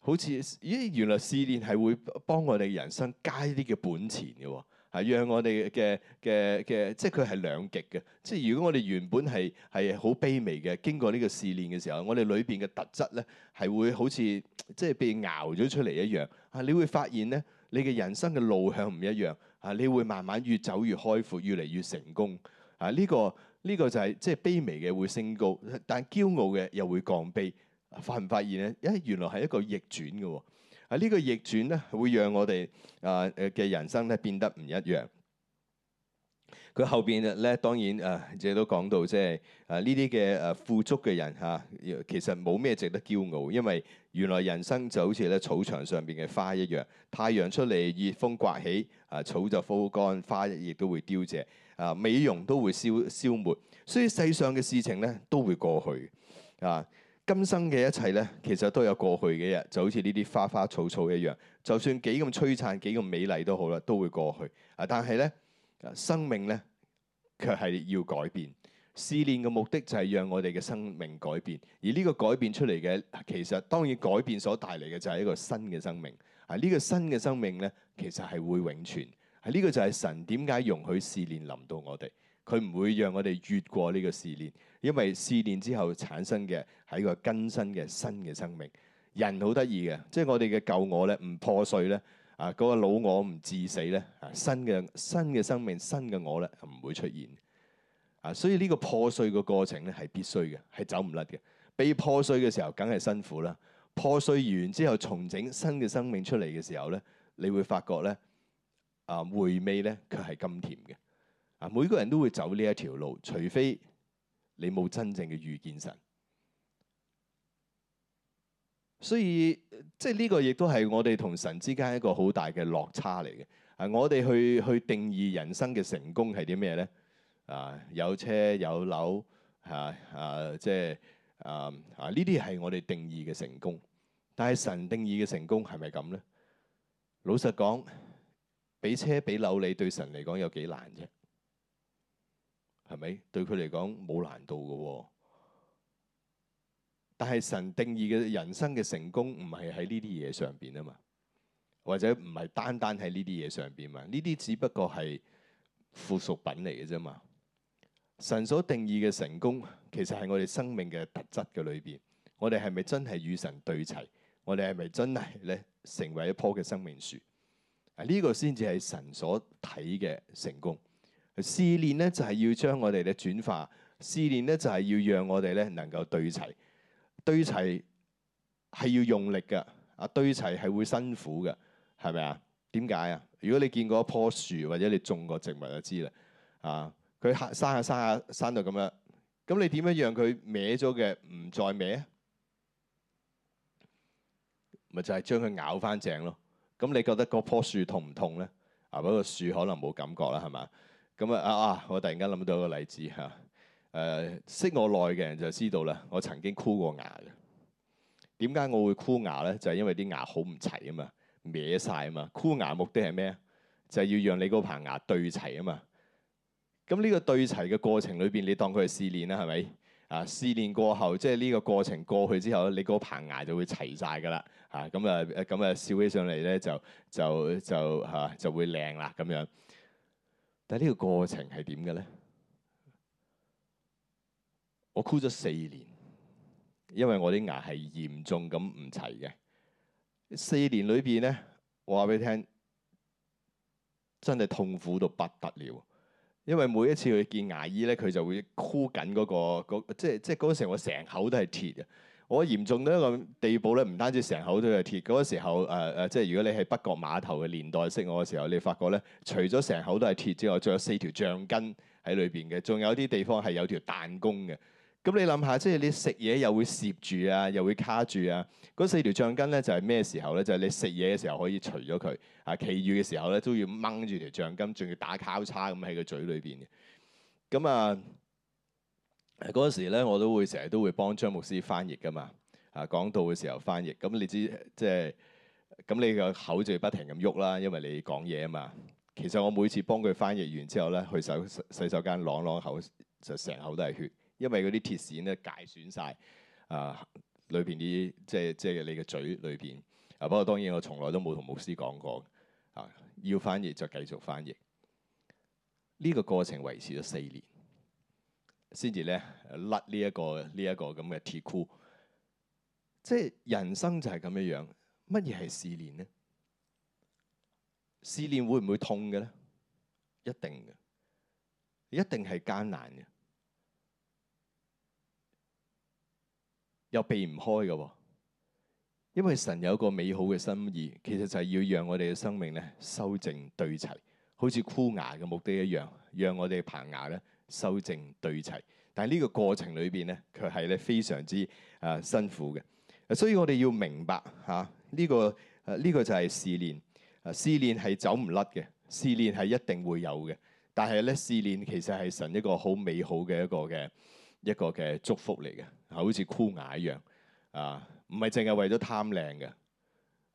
好似咦，原來試練係會幫我哋人生加啲嘅本錢嘅喎，係讓我哋嘅嘅嘅，即係佢係兩極嘅。即係如果我哋原本係係好卑微嘅，經過呢個試練嘅時候，我哋裏邊嘅特質咧係會好似即係被熬咗出嚟一樣啊！你會發現咧，你嘅人生嘅路向唔一樣啊！你會慢慢越走越開闊，越嚟越成功。啊！呢、這個呢、這個就係即係卑微嘅會升高，但係驕傲嘅又會降卑。發唔發現咧？誒原來係一個逆轉嘅喎。啊！呢、這個逆轉咧，會讓我哋啊嘅、呃、人生咧變得唔一樣。佢後邊咧當然誒，亦、啊、都講到即、就、係、是、啊呢啲嘅誒富足嘅人嚇、啊，其實冇咩值得驕傲，因為原來人生就好似咧草場上邊嘅花一樣。太陽出嚟，熱風刮起，啊草就枯乾，花亦都會凋謝。啊，美容都會消消滅，所以世上嘅事情咧都會過去。啊，今生嘅一切咧，其實都有過去嘅一日就好似呢啲花花草草一樣。就算幾咁璀璨、幾咁美麗都好啦，都會過去。啊，但係咧，生命咧，卻係要改變。試煉嘅目的就係讓我哋嘅生命改變，而呢個改變出嚟嘅，其實當然改變所帶嚟嘅就係一個新嘅生命。啊，呢、呢個新嘅生命咧，其實係會永存。呢個就係神點解容許試煉臨到我哋？佢唔會讓我哋越過呢個試煉，因為試煉之後產生嘅係一個更新嘅新嘅生命。人好得意嘅，即係我哋嘅舊我咧唔破碎咧啊，嗰、那個老我唔治死咧啊，新嘅新嘅生命新嘅我咧唔會出現啊，所以呢個破碎嘅過程咧係必須嘅，係走唔甩嘅。被破碎嘅時候梗係辛苦啦，破碎完之後重整新嘅生命出嚟嘅時候咧，你會發覺咧。啊，回味咧，佢係甘甜嘅。啊，每個人都會走呢一條路，除非你冇真正嘅遇見神。所以即係呢個亦都係我哋同神之間一個好大嘅落差嚟嘅。啊，我哋去去定義人生嘅成功係啲咩咧？啊，有車有樓吓啊，即係啊、即係、啊呢啲係我哋定義嘅成功，但係神定義嘅成功係咪咁咧？老實講。俾車俾樓，你對神嚟講有幾難啫？係咪？對佢嚟講冇難度噶喎。但係神定義嘅人生嘅成功，唔係喺呢啲嘢上邊啊嘛，或者唔係單單喺呢啲嘢上邊嘛？呢啲只不過係附屬品嚟嘅啫嘛。神所定義嘅成功，其實係我哋生命嘅特質嘅裏邊。我哋係咪真係與神對齊？我哋係咪真係咧成為一棵嘅生命樹？啊！呢個先至係神所睇嘅成功。試煉咧就係、是、要將我哋嘅轉化，試煉咧就係、是、要讓我哋咧能夠對齊。對齊係要用力噶，啊，對齊係會辛苦嘅，係咪啊？點解啊？如果你見過一樖樹或者你種過植物就知啦。啊，佢生下生下生到咁樣，咁你點樣讓佢歪咗嘅唔再歪？咪就係將佢咬翻正咯。咁你覺得嗰棵樹痛唔痛咧？啊，嗰個樹可能冇感覺啦，係嘛？咁啊啊！我突然間諗到一個例子嚇。誒、啊，啊、識我耐嘅人就知道啦。我曾經箍過牙嘅。點解我會箍牙咧？就係、是、因為啲牙好唔齊啊嘛，歪晒啊嘛。箍牙目的係咩啊？就係、是、要讓你嗰棚牙對齊啊嘛。咁呢個對齊嘅過程裏邊，你當佢係試煉啦，係咪？啊，試煉過後，即係呢個過程過去之後咧，你嗰棚牙就會齊晒㗎啦。啊，咁啊，咁啊，笑起上嚟咧就就就嚇、啊、就會靚啦咁樣。但係呢個過程係點嘅咧？我箍咗四年，因為我啲牙係嚴重咁唔齊嘅。四年裏邊咧，我話俾你聽，真係痛苦到不得了。因為每一次去見牙醫咧，佢就會箍緊嗰個嗰、即係即係嗰時我成口都係鐵嘅。我嚴重到一個地步咧，唔單止成口都係鐵。嗰、那個時候，誒、呃、誒，即係如果你係北角碼頭嘅年代識我嘅時候，你發覺咧，除咗成口都係鐵之外，仲有四條橡筋喺裏邊嘅，仲有啲地方係有條彈弓嘅。咁你諗下，即係你食嘢又會攝住啊，又會卡住啊。嗰四條橡筋咧就係、是、咩時候咧？就係、是、你食嘢嘅時候可以除咗佢，啊，其餘嘅時候咧都要掹住條橡筋，仲要打交叉咁喺個嘴裏邊嘅。咁啊～、呃嗰陣時咧，我都會成日都會幫張牧師翻譯噶嘛，啊講道嘅時候翻譯，咁你知即係咁你個口就不停咁喐啦，因為你講嘢啊嘛。其實我每次幫佢翻譯完之後咧，去洗洗手間浪浪浪口，啷啷口就成口都係血，因為嗰啲鐵線咧解損晒啊裏邊啲即係即係你嘅嘴裏邊。啊，面、即係即係、面啊，不過當然我從來都冇同牧師講過啊，要翻譯就繼續翻譯。呢、呢個過程維持咗四年。先至咧甩呢一個呢一個咁嘅鐵箍，即係人生就係咁樣樣。乜嘢係試煉呢？試煉會唔會痛嘅咧？一定嘅，一定係艱難嘅，又避唔開嘅。因為神有一個美好嘅心意，其實就係要讓我哋嘅生命咧修正對齊，好似箍牙嘅目的一樣，讓我哋棚牙咧修正對齊，但係呢個過程裏邊咧，佢係咧非常之誒、啊、辛苦嘅。所以我哋要明白嚇呢、啊呢個呢、啊呢個就係試煉，試煉係走唔甩嘅，試煉係一定會有嘅。但係咧，試煉其實係神一個好美好嘅一個嘅一個嘅祝福嚟嘅，好似箍牙一樣啊，唔係淨係為咗貪靚嘅，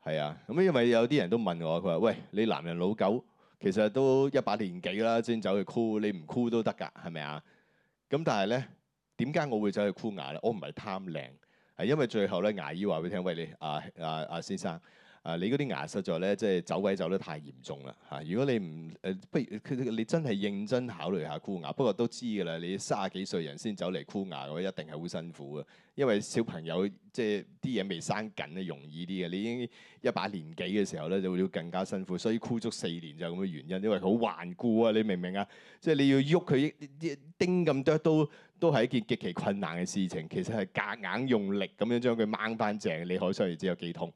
係啊。咁因為有啲人都問我，佢話：喂，你男人老狗？其實都一把年紀啦，先走去箍。你唔箍都得㗎，係咪啊？咁但係咧，點解我會走去箍牙咧？我唔係貪靚，係因為最後咧，牙醫話俾你聽，喂，你啊啊啊先生。啊！你嗰啲牙實在咧，即係走位走得太嚴重啦嚇、啊。如果你唔誒、啊，不如你真係認真考慮下箍牙。不過都知㗎啦，你卅幾歲人先走嚟箍牙嘅話，一定係好辛苦嘅，因為小朋友即係啲嘢未生緊咧，容易啲嘅。你已經一把年紀嘅時候咧，就會更加辛苦，所以箍足四年就係咁嘅原因，因為好頑固啊！你明唔明啊？即係你要喐佢叮咁多，都都係一件極其困難嘅事情。其實係夾硬用力咁樣將佢掹翻正，你可想而知有幾痛。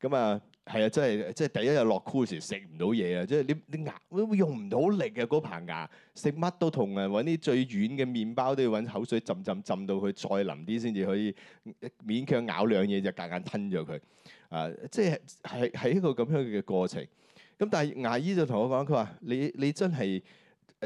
咁啊，係啊，真係，即係第一日落箍時食唔到嘢啊！即係你你牙會用唔到力啊，嗰排牙食乜都痛啊，揾啲最軟嘅麵包都要揾口水浸浸浸到佢再淋啲先至可以勉強咬兩嘢就夾硬吞咗佢啊！即係係喺一個咁樣嘅過程。咁但係牙醫就同我講，佢話你你真係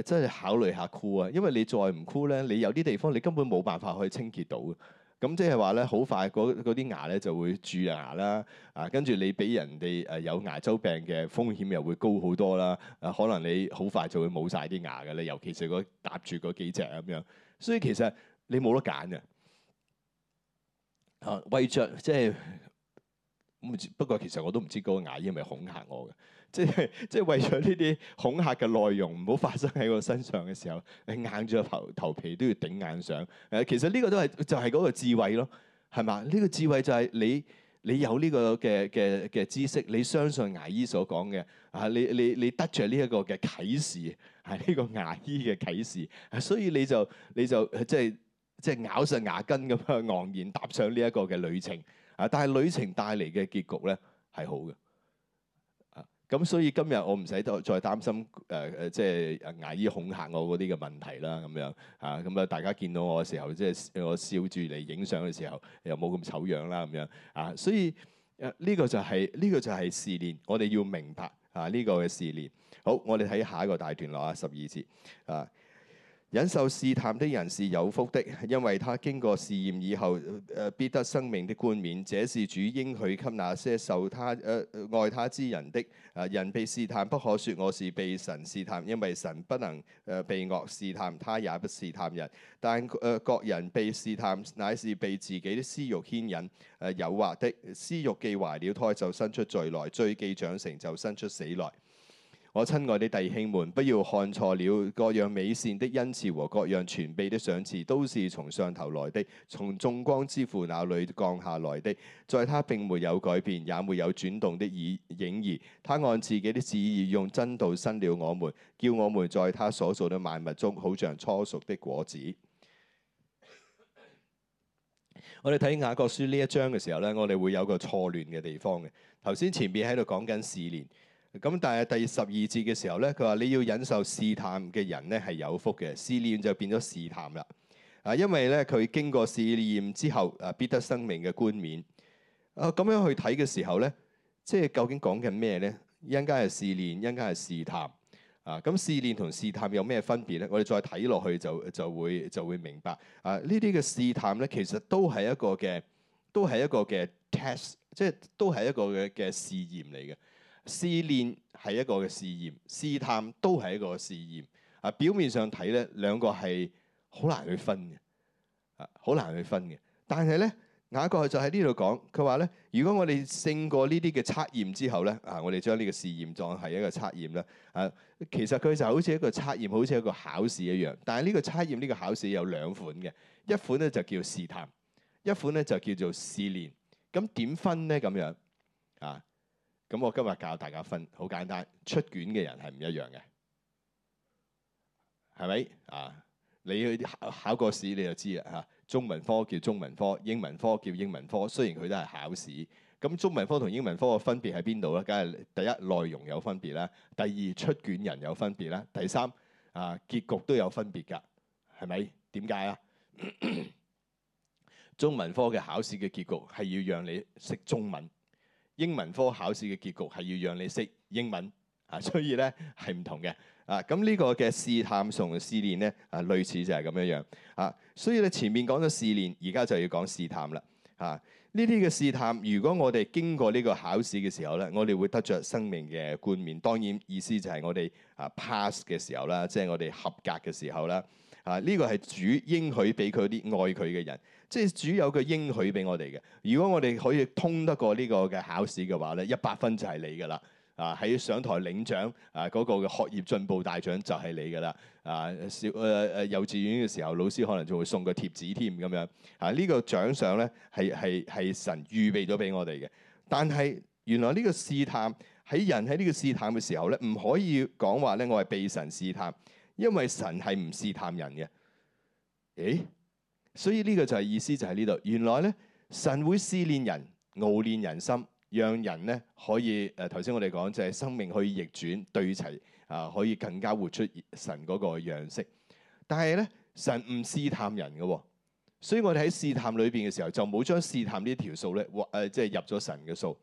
真係考慮下箍啊，因為你再唔箍咧，你有啲地方你根本冇辦法去清潔到嘅。咁即係話咧，好快嗰啲牙咧就會蛀牙啦，啊，跟住你俾人哋誒有牙周病嘅風險又會高好多啦，啊，可能你好快就會冇晒啲牙嘅咧，尤其是搭住嗰幾隻咁樣，所以其實你冇得揀嘅，啊，為着，即係，咁不過其實我都唔知嗰個牙醫係咪恐嚇我嘅。即係即係為咗呢啲恐嚇嘅內容唔好發生喺我身上嘅時候，你硬住頭頭皮都要頂硬上。誒，其實呢個都係就係嗰個智慧咯，係嘛？呢個智慧就係你你有呢個嘅嘅嘅知識，你相信牙醫所講嘅啊，你你你得著呢一個嘅啟示係呢個牙醫嘅啟示，所以你就你就即係即係咬實牙根咁樣昂然踏上呢一個嘅旅程啊！但係旅程帶嚟嘅結局咧係好嘅。咁所以今日我唔使再再擔心誒誒、呃呃，即係牙醫恐嚇我嗰啲嘅問題啦，咁樣啊，咁啊大家見到我嘅時候，即係我笑住嚟影相嘅時候，又冇咁醜樣啦，咁樣啊，所以誒呢個就係、係、呢、呢個就係試煉，我哋要明白啊呢、呢個嘅試煉。好，我哋睇下一個大段落啊，十二節啊。忍受試探的人是有福的，因為他經過試驗以後，誒必得生命的冠冕。這是主應許給那些受他誒、呃、愛他之人的。誒、呃、人被試探，不可說我是被神試探，因為神不能誒、呃、被惡試探，他也不試探人。但誒、呃、各人被試探，乃是被自己的私欲牽引誒、呃、誘惑的。私欲既懷了胎，就生出罪來；罪既長成，就生出死來。我親愛的弟兄們，不要看錯了，各樣美善的恩賜和各樣全備的賞賜，都是從上頭來的，從眾光之父那裏降下來的。在他並沒有改變，也沒有轉動的影兒。他按自己的旨意用真道生了我們，叫我們在他所造的萬物中，好像初熟的果子。 我哋睇雅各書呢一章嘅時候呢，我哋會有個錯亂嘅地方嘅。頭先前邊喺度講緊試煉。咁但係第十二節嘅時候咧，佢話你要忍受試探嘅人咧係有福嘅。試煉就變咗試探啦啊，因為咧佢經過試驗之後啊，必得生命嘅冠冕啊。咁樣去睇嘅時候咧，即係究竟講緊咩咧？一陣間係試煉，一陣間係試探啊。咁試煉同試探有咩分別咧？我哋再睇落去就會就會就會明白啊。呢啲嘅試探咧，其實都係一個嘅都係一個嘅 test，即係都係一個嘅嘅試驗嚟嘅。試練係一個嘅試驗，試探都係一個試驗。啊，表面上睇咧，兩個係好難去分嘅，啊，好難去分嘅。但係咧，雅各就喺呢度講，佢話咧，如果我哋勝過呢啲嘅測驗之後咧，啊，我哋將呢個試驗當係一個測驗啦。啊，其實佢就好似一個測驗，好似一個考試一樣。但係呢個測驗呢、呢個考試有兩款嘅，一款咧就叫試探，一款咧就叫做試練。咁點分咧？咁樣啊？咁我今日教大家分，好簡單，出卷嘅人係唔一樣嘅，係咪啊？你去考，考過試你就知啦嚇，啊，中文科叫中文科，英文科叫英文科，雖然佢都係考試。咁中文科同英文科嘅分別喺邊度咧？梗係第一內容有分別啦，第二出卷人有分別啦，第三啊結局都有分別㗎，係咪？點解啊？中文科嘅考試嘅結局係要讓你識中文。英文科考試嘅結局係要讓你識英文啊，所以咧係唔同嘅啊。咁、這個、呢個嘅試探同試練咧啊，類似就係咁樣樣啊。所以咧前面講咗試練，而家就要講試探啦啊。呢啲嘅試探，如果我哋經過呢個考試嘅時候咧，我哋會得着生命嘅冠冕。當然意思就係我哋啊 pass 嘅時候啦，即、就、係、是、我哋合格嘅時候啦。啊，呢、這個係主應許俾佢啲愛佢嘅人。即係主有個應許俾我哋嘅，如果我哋可以通得過呢個嘅考試嘅話咧，一百分就係你噶啦，啊喺上台領獎啊嗰個嘅學業進步大獎就係你噶啦，啊小誒誒、呃、幼稚園嘅時候老師可能就會送個貼紙添咁樣，啊呢、這個獎賞咧係係係神預備咗俾我哋嘅，但係原來呢個試探喺人喺呢個試探嘅時候咧，唔可以講話咧我係被神試探，因為神係唔試探人嘅，誒？所以呢個就係意思，就喺呢度。原來咧，神會試煉人、熬煉人心，讓人咧可以誒，頭、呃、先我哋講就係、是、生命可以逆轉，對齊啊、呃，可以更加活出神嗰個樣式。但係咧，神唔試探人噶，所以我哋喺試探裏邊嘅時候，就冇將試探呢條數咧，誒、呃，即係入咗神嘅數。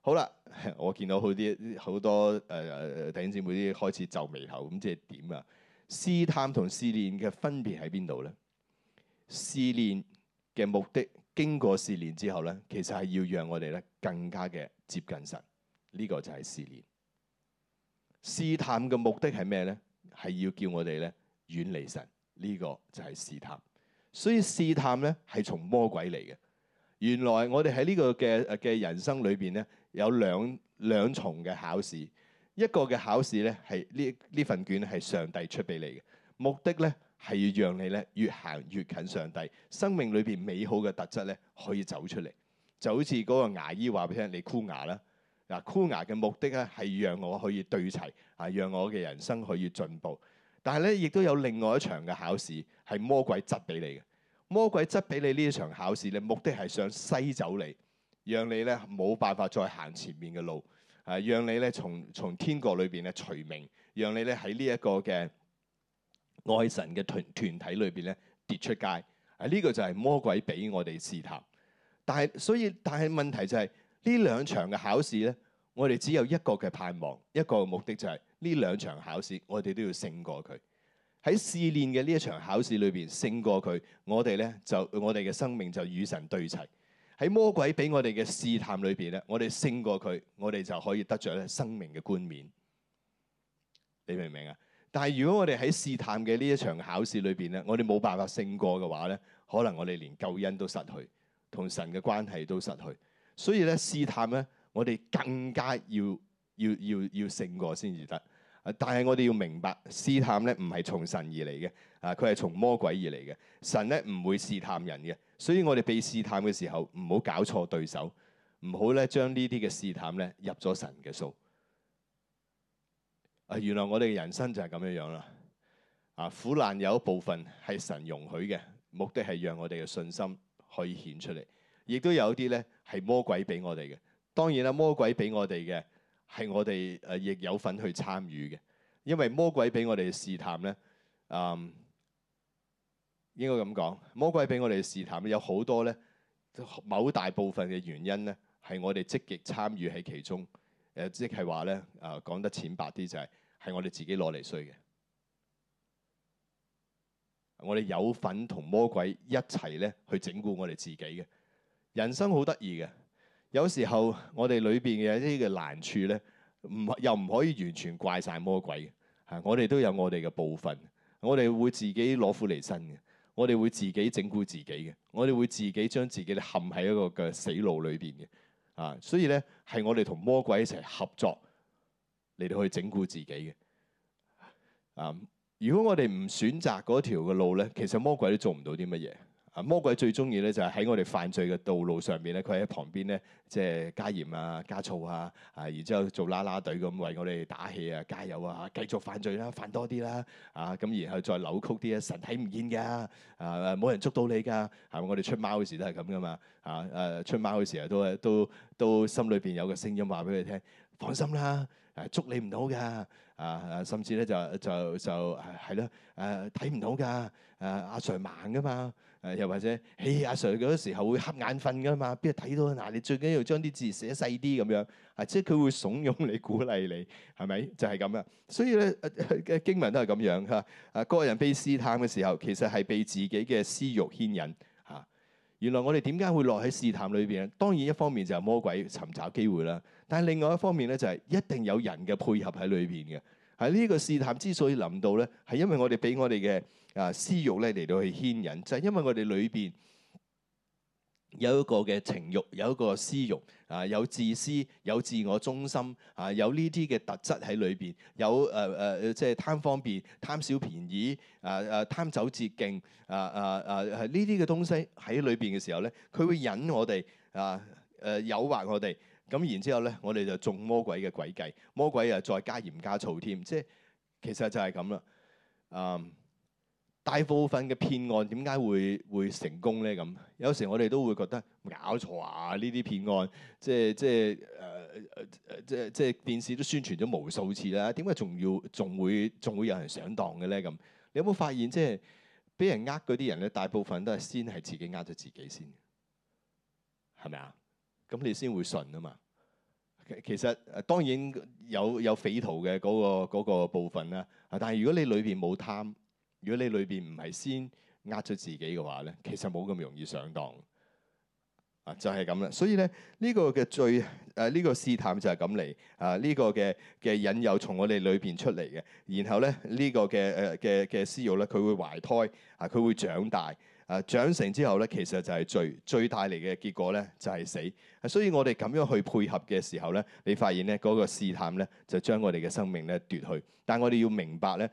好啦，我見到好啲好多誒、呃、弟兄姊妹啲開始皺眉頭，咁即係點啊？試探同試煉嘅分別喺邊度咧？試煉嘅目的，經過試煉之後咧，其實係要讓我哋咧更加嘅接近神，呢個就係試煉。試探嘅目的係咩咧？係要叫我哋咧遠離神，呢個就係試探。所以試探咧係從魔鬼嚟嘅。原來我哋喺呢個嘅嘅人生裏邊咧，有兩兩重嘅考試。一個嘅考試咧係呢呢份卷係上帝出俾你嘅，目的咧。係要讓你咧越行越近上帝，生命裏邊美好嘅特質咧可以走出嚟，就好似嗰個牙醫話俾你聽，你箍牙啦，嗱箍牙嘅目的咧係讓我可以對齊，啊讓我嘅人生可以進步。但係咧亦都有另外一場嘅考試係魔鬼執俾你嘅，魔鬼執俾你呢一場考試咧目的係想西走你，讓你咧冇辦法再行前面嘅路，啊讓你咧從從天國裏邊咧除名，讓你咧喺呢一個嘅。愛神嘅團團體裏邊咧跌出街，啊呢個就係魔鬼俾我哋試探，但係所以但係問題就係呢兩場嘅考試咧，我哋只有一個嘅盼望，一個目的就係呢兩場考試我哋都要勝過佢。喺試煉嘅呢一場考試裏邊勝過佢，我哋咧就我哋嘅生命就與神對齊。喺魔鬼俾我哋嘅試探裏邊咧，我哋勝過佢，我哋就可以得著咧生命嘅冠冕。你明唔明啊？但係如果我哋喺試探嘅呢一場考試裏邊咧，我哋冇辦法勝過嘅話咧，可能我哋連救恩都失去，同神嘅關係都失去。所以咧試探咧，我哋更加要要要要勝過先至得。但係我哋要明白試探咧唔係從神而嚟嘅，啊佢係從魔鬼而嚟嘅。神咧唔會試探人嘅。所以我哋被試探嘅時候，唔好搞錯對手，唔好咧將呢啲嘅試探咧入咗神嘅數。啊，原來我哋嘅人生就係咁樣樣啦！啊，苦難有一部分係神容許嘅，目的係讓我哋嘅信心可以顯出嚟。亦都有啲咧係魔鬼俾我哋嘅。當然啦，魔鬼俾我哋嘅係我哋誒亦有份去參與嘅，因為魔鬼俾我哋嘅試探咧，嗯，應該咁講，魔鬼俾我哋嘅試探有好多咧，某大部分嘅原因咧係我哋積極參與喺其中。誒，即係話咧，誒、呃、講得淺白啲就係、是，係我哋自己攞嚟衰嘅。我哋有份同魔鬼一齊咧，去整蠱我哋自己嘅。人生好得意嘅，有時候我哋裏邊嘅一啲嘅難處咧，唔又唔可以完全怪晒魔鬼。嚇，我哋都有我哋嘅部分，我哋會自己攞苦嚟辛嘅，我哋會自己整蠱自己嘅，我哋會自己將自己咧陷喺一個嘅死路裏邊嘅。啊，所以咧，係我哋同魔鬼一齊合作嚟到去整蠱自己嘅。啊，如果我哋唔選擇嗰條嘅路咧，其實魔鬼都做唔到啲乜嘢。魔鬼最中意咧，就係喺我哋犯罪嘅道路上邊咧，佢喺旁邊咧，即係加鹽啊、加醋啊，啊，然之後做啦啦隊咁為我哋打氣啊、加油啊，繼續犯罪啦，犯多啲啦，啊咁，然後再扭曲啲啊，神睇唔見㗎啊，冇人捉到你㗎，係咪？我哋出貓時都係咁㗎嘛，啊誒出貓嘅時候都都都心裏邊有個聲音話俾你聽，放心啦，捉你唔到㗎啊，甚至咧就就就係咯誒睇唔到㗎，誒阿 Sir 盲㗎嘛。又或者，哎阿、啊、Sir 嗰啲時候會瞌眼瞓噶嘛？邊度睇到嗱、啊？你最緊要將啲字寫細啲咁樣，係、啊、即係佢會慫恿你、鼓勵你，係咪？就係咁啦。所以咧嘅、啊啊、經文都係咁樣吓。啊，各、啊、人被試探嘅時候，其實係被自己嘅私欲牽引吓、啊。原來我哋點解會落喺試探裏邊咧？當然一方面就係魔鬼尋找機會啦，但係另外一方面咧就係一定有人嘅配合喺裏邊嘅。喺、啊、呢、這個試探之所以臨到咧，係因為我哋俾我哋嘅。啊，私欲咧嚟到去牽引，就係因為我哋裏邊有一個嘅情欲，有一個私欲啊，有自私，有自我中心啊，有呢啲嘅特質喺裏邊，有誒誒、呃，即係貪方便、貪小便宜啊啊、呃，貪走捷徑啊啊啊，呢啲嘅東西喺裏邊嘅時候咧，佢會引我哋啊誒誘惑我哋咁，然之後咧，我哋就中魔鬼嘅詭計，魔鬼又再加鹽加醋添，即係其實就係咁啦，嗯。大部分嘅騙案點解會會成功咧？咁有時我哋都會覺得搞錯啊！呢啲騙案即係即係誒、呃、即係即係電視都宣傳咗無數次啦，點解仲要仲會仲會有人上當嘅咧？咁你有冇發現即係俾人呃嗰啲人咧，大部分都係先係自己呃咗自己先，係咪啊？咁你先會信啊嘛。其實當然有有匪徒嘅嗰個嗰個部分啦，但係如果你裏邊冇貪。如果你裏邊唔係先呃咗自己嘅話咧，其實冇咁容易上當啊！就係咁啦。所以咧呢個嘅最誒呢個試探就係咁嚟啊！呢個嘅嘅引誘從我哋裏邊出嚟嘅，然後咧呢個嘅誒嘅嘅私慾咧，佢會懷胎啊，佢會長大啊，長成之後咧，其實就係罪，最帶嚟嘅結果咧就係死。所以我哋咁樣去配合嘅時候咧，你發現咧嗰個試探咧就將我哋嘅生命咧奪去。但我哋要明白咧。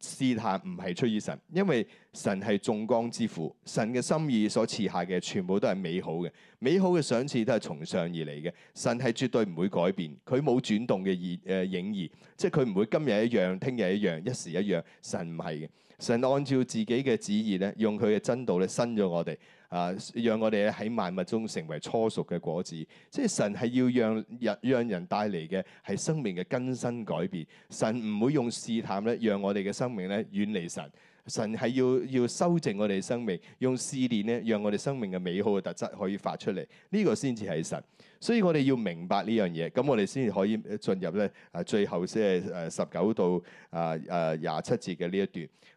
試探唔係出於神，因為神係眾光之父，神嘅心意所賜下嘅全部都係美好嘅，美好嘅賞賜都係從上而嚟嘅，神係絕對唔會改變，佢冇轉動嘅影，誒影兒，即係佢唔會今日一樣，聽日一樣，一時一樣，神唔係嘅，神按照自己嘅旨意咧，用佢嘅真道咧，生咗我哋。啊！讓我哋喺萬物中成為初熟嘅果子，即係神係要讓人、讓人帶嚟嘅係生命嘅根生改變。神唔會用試探咧，讓我哋嘅生命咧遠離神。神係要要修正我哋嘅生命，用試煉咧，讓我哋生命嘅美好嘅特質可以發出嚟。呢、這個先至係神。所以我哋要明白呢樣嘢，咁我哋先至可以進入咧誒最後即係誒十九到啊啊廿七節嘅呢一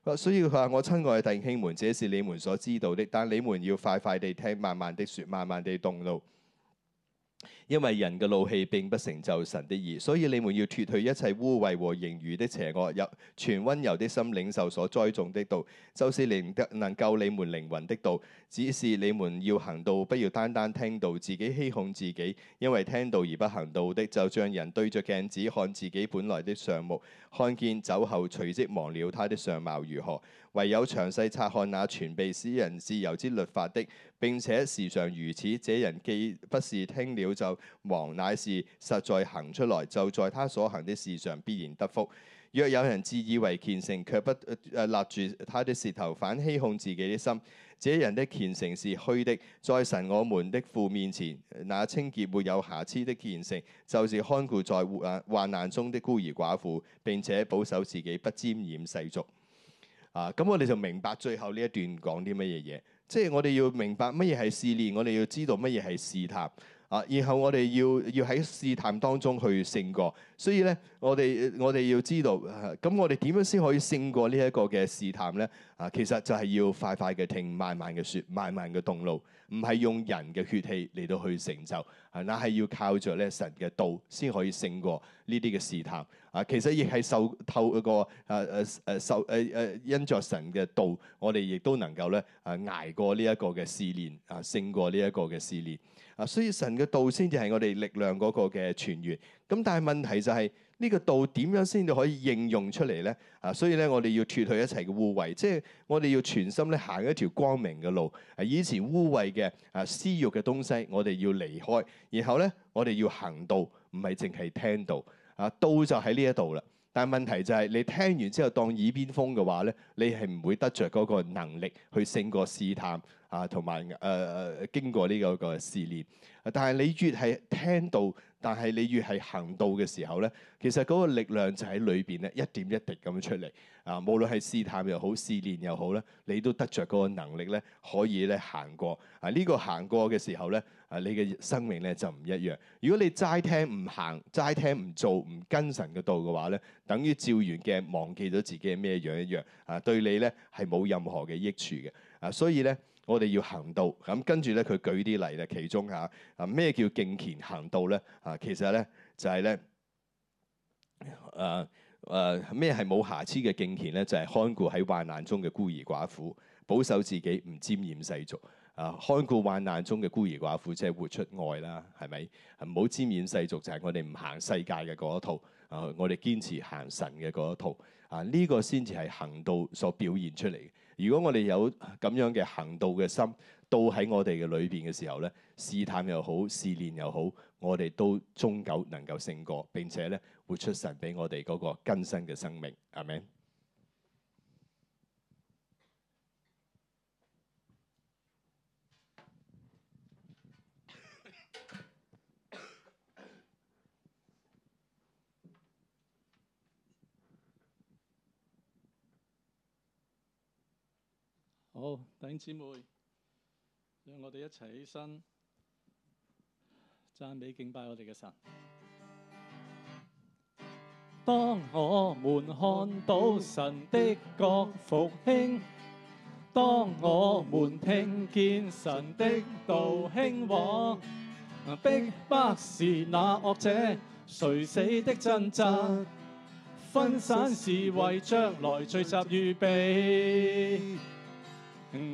段。所以佢話：我親愛的弟兄們，這是你們所知道的，但你們要快快地聽，慢慢地說，慢慢地動怒。因為人嘅怒氣並不成就神的義，所以你們要脫去一切污穢和盈餘的邪惡，入全溫柔的心領受所栽種的道，就是靈得能救你們靈魂的道。只是你們要行道，不要單單聽道，自己欺哄自己。因為聽道而不行道的，就像人對着鏡子看自己本來的相貌，看見走後隨即忘了他的相貌如何。唯有詳細察看那全備使人自由之律法的，並且時常如此。這人既不是聽了就忘，乃是實在行出來，就在他所行的事上必然得福。若有人自以為虔誠，卻不、呃、立住他的舌頭，反欺哄自己的心，這人的虔誠是虛的。在神我們的父面前，那清潔沒有瑕疵的虔誠，就是看顧在患患難中的孤兒寡婦，並且保守自己不沾染世俗。啊！咁、嗯、我哋就明白最後呢一段講啲乜嘢嘢，即係我哋要明白乜嘢係試煉，我哋要知道乜嘢係試探。啊！然後我哋要要喺試探當中去勝過，所以咧，我哋我哋要知道咁，我哋點樣先可以勝過呢一個嘅試探咧？啊，其實就係要快快嘅聽，慢慢嘅説，慢慢嘅動怒，唔係用人嘅血氣嚟到去成就啊，那係要靠著咧神嘅道先可以勝過呢啲嘅試探啊。其實亦係受透嗰個啊啊受啊啊、呃呃呃、因着神嘅道，我哋亦都能夠咧啊捱過呢一個嘅試煉啊，勝過呢一個嘅試煉。啊，所以神嘅道先至係我哋力量嗰個嘅泉源。咁但係問題就係呢個道點樣先至可以應用出嚟咧？啊，所以咧我哋要脫去一切嘅污穢，即係我哋要全心咧行一條光明嘅路。啊，以前污穢嘅啊私欲嘅東西，我哋要離開。然後咧，我哋要行道，唔係淨係聽道啊，道就喺呢一度啦。但係問題就係、是，你聽完之後當耳邊風嘅話咧，你係唔會得着嗰個能力去勝過試探啊，同埋誒誒經過呢個個試煉。但係你越係聽到。但係你越係行道嘅時候咧，其實嗰個力量就喺裏邊咧，一點一滴咁樣出嚟啊！無論係試探又好，試練又好咧，你都得着嗰個能力咧，可以咧行過啊！呢、這個行過嘅時候咧，啊你嘅生命咧就唔一樣。如果你齋聽唔行，齋聽唔做，唔跟神嘅道嘅話咧，等於照完鏡忘記咗自己係咩樣一樣啊！對你咧係冇任何嘅益處嘅啊！所以咧。我哋要行道，咁跟住咧，佢舉啲例咧，其中嚇啊咩叫敬虔行道咧？啊，其實咧就係咧，誒誒咩係冇瑕疵嘅敬虔咧？就係看顧喺患難中嘅孤兒寡婦，保守自己唔沾染世俗，啊，看顧患難中嘅孤兒寡婦，即係活出愛啦，係咪？唔好沾染世俗，就係我哋唔行世界嘅嗰一套，啊，我哋堅持行神嘅嗰一套，啊，呢個先至係行道所表現出嚟。如果我哋有咁樣嘅行道嘅心，到喺我哋嘅裏邊嘅時候呢，試探又好，試煉又好，我哋都終究能夠勝過，並且咧會出神俾我哋嗰個更新嘅生命。阿門？好，弟兄姊妹，讓我哋一齊起，起身，讚美敬拜我哋嘅神。當我們看到神的國復興，當我們聽見神的道興旺，逼迫是那惡者垂死的掙扎，分散是為將來聚集預備。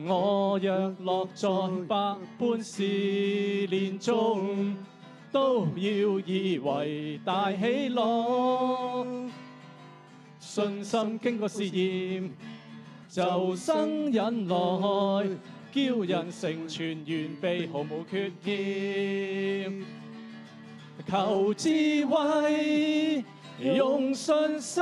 我若落在百般試煉中，都要以為大喜樂。信心經過試驗，就生忍耐，叫人成全完備，毫無缺欠。求智慧，用信心。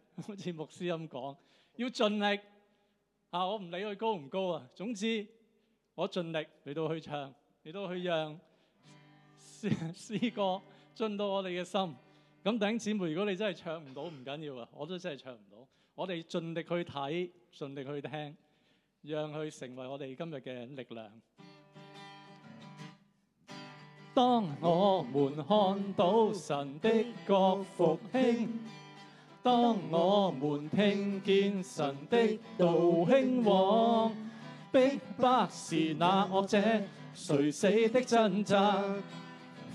好似牧師咁講，要盡力啊！我唔理佢高唔高啊，總之我盡力嚟到去唱，嚟到去讓詩歌進到我哋嘅心。咁弟兄姊妹，如果你真係唱唔到唔緊要啊，我都真係唱唔到。我哋盡力去睇，盡力去聽，讓佢成為我哋今日嘅力量。當我們看到神的國復興。當我們聽見神的道興旺，逼迫是那惡者，垂死的掙扎，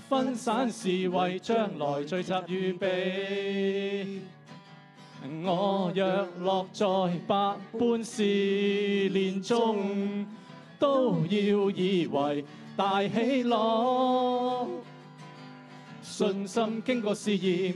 分散是為將來聚集預備。我若落在百般試煉中，都要以為大喜樂。信心經過試驗。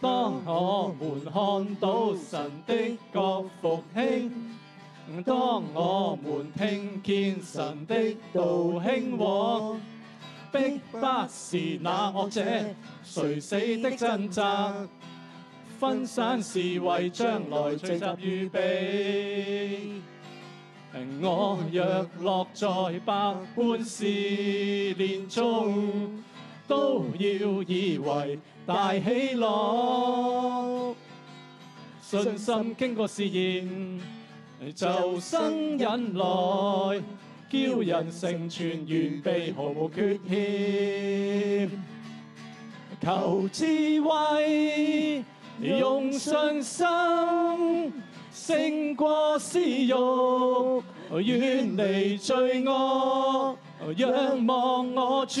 當我們看到神的國復興，當我們聽見神的道興旺，逼迫是那惡者垂死的掙扎，分散是為將來聚集預備。我若落在百般試煉中，都要以為。大喜樂，信心經過試驗，就生引來，叫人成全完備，毫無缺陷。求智慧，用信心勝過私欲，遠離罪惡，仰望我主。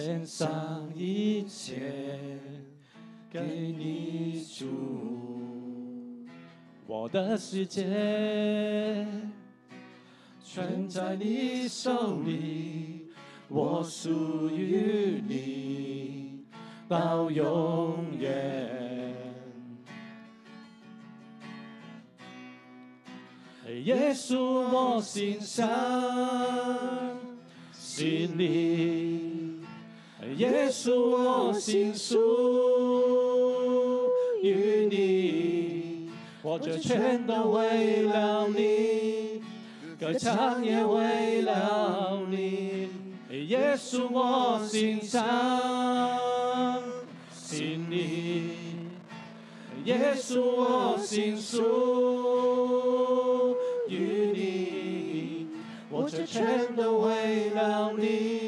獻上一切給你主，我的世界全在你手裏，我屬於你到永遠，耶穌我心上是你。耶穌我心屬與你，我這全都為了你，歌唱也為了你。耶穌我心常信，你，信你，你，耶穌我心屬與你，我這全都為了你。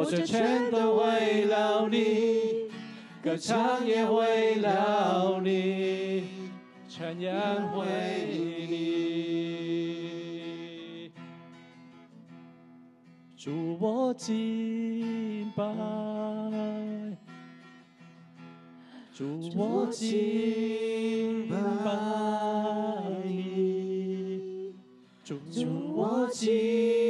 我卻全都為了你，歌唱也為了你，全然為你，主我敬拜，主我敬拜，主我敬拜你，主我敬。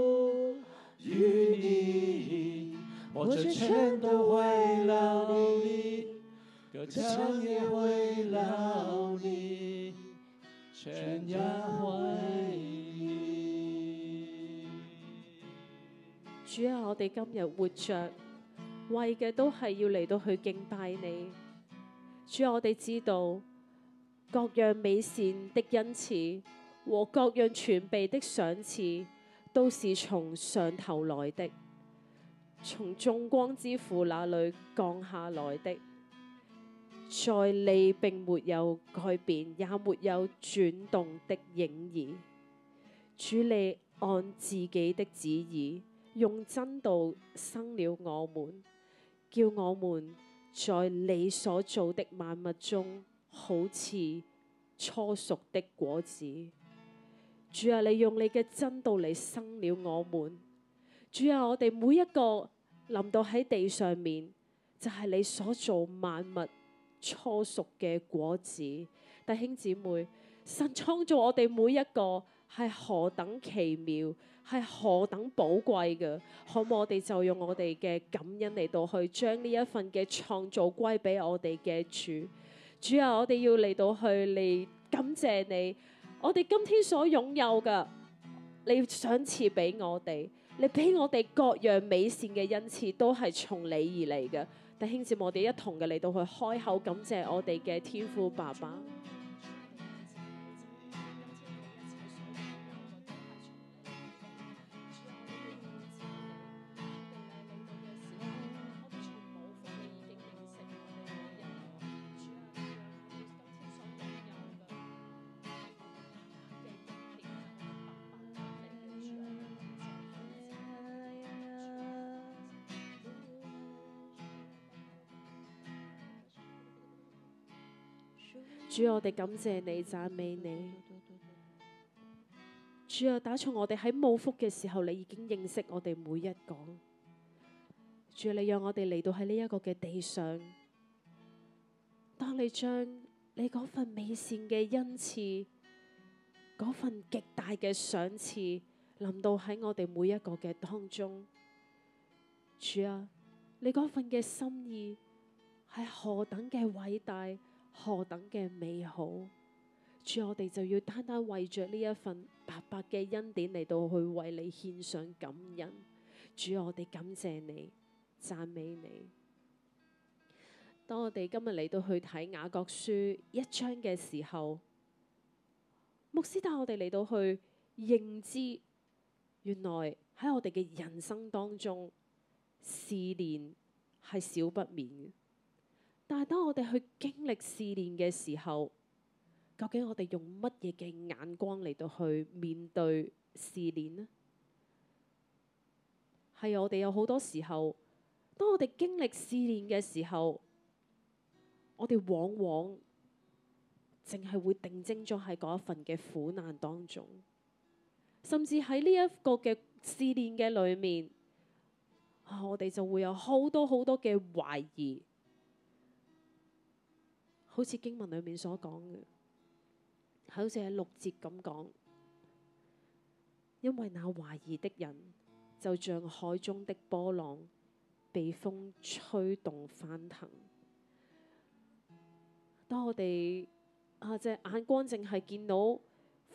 與你，我全都為了你，歌唱也為了你，全教會。會會會主啊，我哋今日活着，為嘅都係要嚟到去敬拜你。主啊，我哋知道各樣美善的恩賜和各樣全備的賞賜。都是從上頭來的，從眾光之父那裡降下來的。在你並沒有改變，也沒有轉動的影兒。主你按自己的旨意，用真道生了我們，叫我們在你所造的萬物中，好似初熟的果子。主啊，你用你嘅真道嚟生了我們。主啊，我哋每一個臨到喺地上面，就係、是、你所造萬物初熟嘅果子。弟兄姊妹，神創造我哋每一個係何等奇妙，係何等寶貴嘅。可唔可以我哋就用我哋嘅感恩嚟到去將呢一份嘅創造歸俾我哋嘅主？主啊，我哋要嚟到去嚟感謝你。我哋今天所擁有嘅，你賞賜俾我哋，你俾我哋各樣美善嘅恩賜，都係從你而嚟嘅。弟兄姊妹，我哋一同嘅嚟到去開口感謝我哋嘅天父爸爸。主，我哋感謝你，讚美你。主啊，打從我哋喺冇福嘅時候，你已經認識我哋每一個。主啊，你讓我哋嚟到喺呢一個嘅地上，當你將你嗰份美善嘅恩賜，嗰份極大嘅賞賜，臨到喺我哋每一個嘅當中。主啊，你嗰份嘅心意係何等嘅偉大！何等嘅美好，主，我哋就要單單為着呢一份白白嘅恩典嚟到去為你獻上感恩，主，我哋感謝你，讚美你。當我哋今日嚟到去睇雅各書一章嘅時候，牧師帶我哋嚟到去認知，原來喺我哋嘅人生當中，試煉係少不免。但係當我哋去經歷試煉嘅時候，究竟我哋用乜嘢嘅眼光嚟到去面對試煉呢？係我哋有好多時候，當我哋經歷試煉嘅時候，我哋往往淨係會定睛咗喺嗰一份嘅苦難當中，甚至喺呢一個嘅試煉嘅裏面，啊，我哋就會有好多好多嘅懷疑。好似經文裏面所講嘅，好似係六節咁講，因為那懷疑的人，就像海中的波浪，被風吹動翻騰。當我哋啊，只眼光淨係見到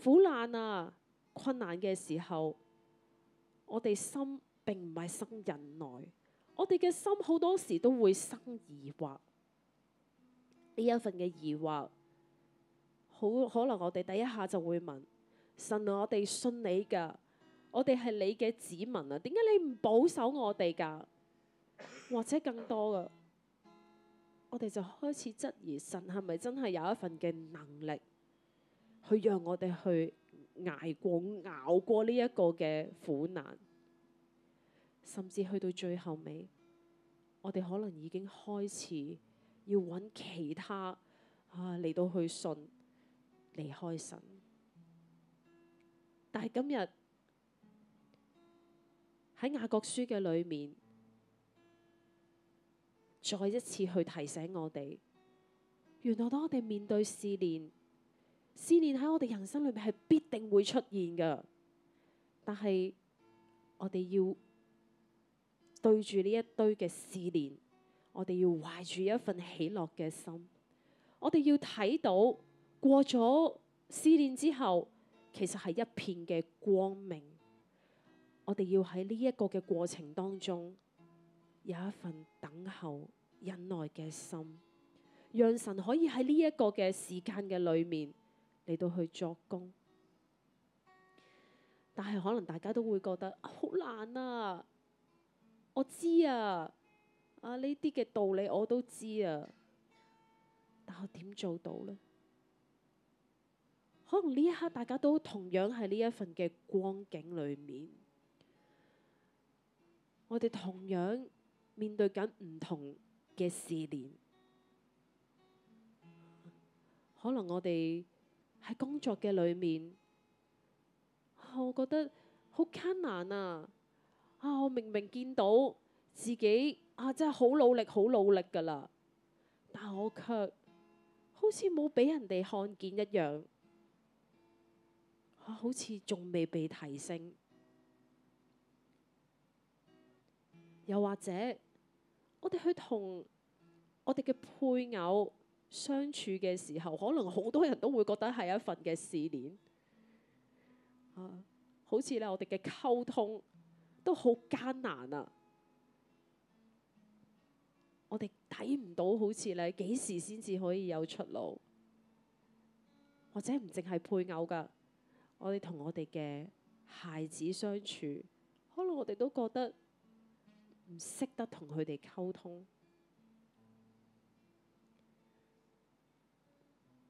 苦難啊、困難嘅時候，我哋心並唔係生忍耐，我哋嘅心好多時都會生疑惑。呢一份嘅疑惑，好可能我哋第一下就會問神：我哋信你噶，我哋係你嘅子民啊，點解你唔保守我哋噶？或者更多噶，我哋就開始質疑神係咪真係有一份嘅能力去讓我哋去挨過、熬過呢一個嘅苦難，甚至去到最後尾，我哋可能已經開始。要揾其他啊，嚟到去信離開神，但係今日喺雅各書嘅裏面，再一次去提醒我哋，原來當我哋面對試煉，試煉喺我哋人生裏面係必定會出現㗎，但係我哋要對住呢一堆嘅試煉。我哋要懷住一份喜樂嘅心，我哋要睇到過咗試煉之後，其實係一片嘅光明。我哋要喺呢一個嘅過程當中，有一份等候忍耐嘅心，讓神可以喺呢一個嘅時間嘅裏面嚟到去作工。但係可能大家都會覺得好、啊、難啊！我知啊。啊！呢啲嘅道理我都知啊，但我點做到呢？可能呢一刻，大家都同樣喺呢一份嘅光景裏面，我哋同樣面對緊唔同嘅試煉。可能我哋喺工作嘅裏面，我覺得好艱難啊！啊，我明明見到自己。啊！真係好努力，好努力噶啦，但我卻好似冇俾人哋看見一樣，啊，好似仲未被提升。又或者，我哋去同我哋嘅配偶相處嘅時候，可能好多人都會覺得係一份嘅試煉。好似咧，我哋嘅溝通都好艱難啊！我哋睇唔到好似你幾時先至可以有出路？或者唔淨係配偶噶，我哋同我哋嘅孩子相處，可能我哋都覺得唔識得同佢哋溝通。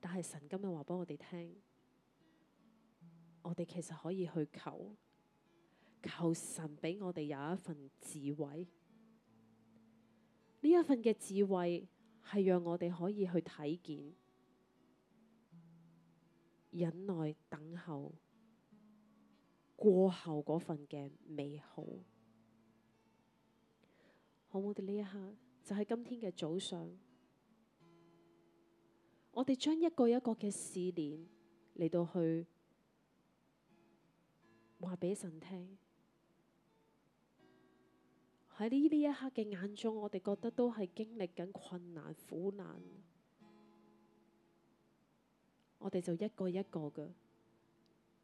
但係神今日話幫我哋聽，我哋其實可以去求，求神俾我哋有一份智慧。呢一份嘅智慧係讓我哋可以去體檢、忍耐、等候過後嗰份嘅美好，好冇？我哋呢一刻就喺今天嘅早上，我哋將一個一個嘅試煉嚟到去話俾神聽。喺呢呢一刻嘅眼中，我哋覺得都係經歷緊困難、苦難，我哋就一個一個嘅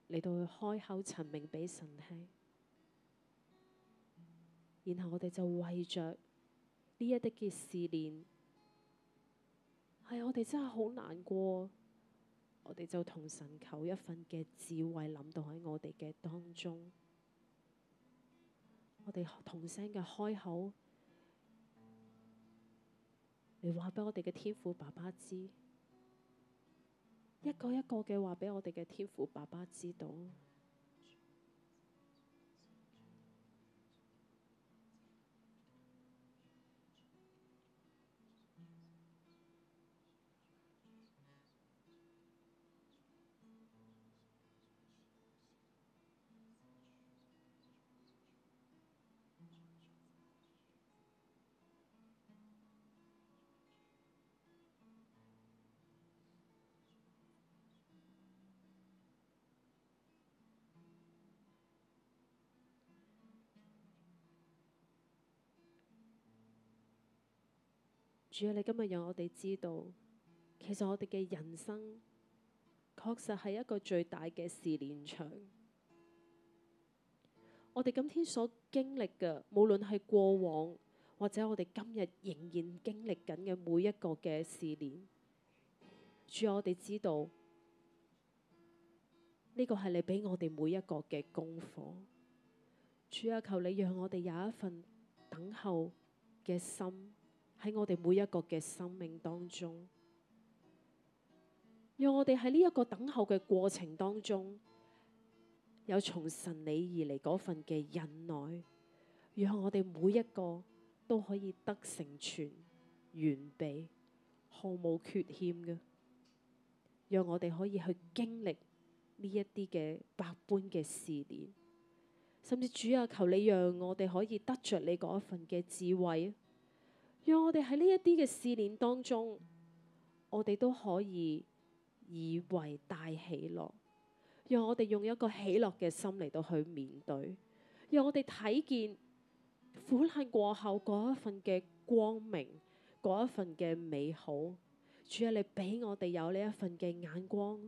嚟到去開口陳明俾神聽，然後我哋就為着呢一啲嘅試煉，係、哎、我哋真係好難過，我哋就同神求一份嘅智慧，諗到喺我哋嘅當中。我哋同聲嘅開口，嚟話俾我哋嘅天父爸爸知，一個一個嘅話俾我哋嘅天父爸爸知道。一個一個主啊，你今日讓我哋知道，其實我哋嘅人生確實係一個最大嘅試煉場。我哋今天所經歷嘅，無論係過往或者我哋今日仍然經歷緊嘅每一個嘅試煉，主啊，我哋知道呢個係你俾我哋每一個嘅功課。主啊，求你讓我哋有一份等候嘅心。喺我哋每一個嘅生命當中，讓我哋喺呢一個等候嘅過程當中，有從神你而嚟嗰份嘅忍耐，讓我哋每一個都可以得成全、完備、毫無缺欠嘅，讓我哋可以去經歷呢一啲嘅百般嘅試煉，甚至主啊，求你讓我哋可以得着你嗰一份嘅智慧。讓我哋喺呢一啲嘅試煉當中，我哋都可以以為大喜樂。讓我哋用一個喜樂嘅心嚟到去面對，讓我哋睇見苦難過後嗰一份嘅光明，嗰一份嘅美好。主啊，你俾我哋有呢一份嘅眼光，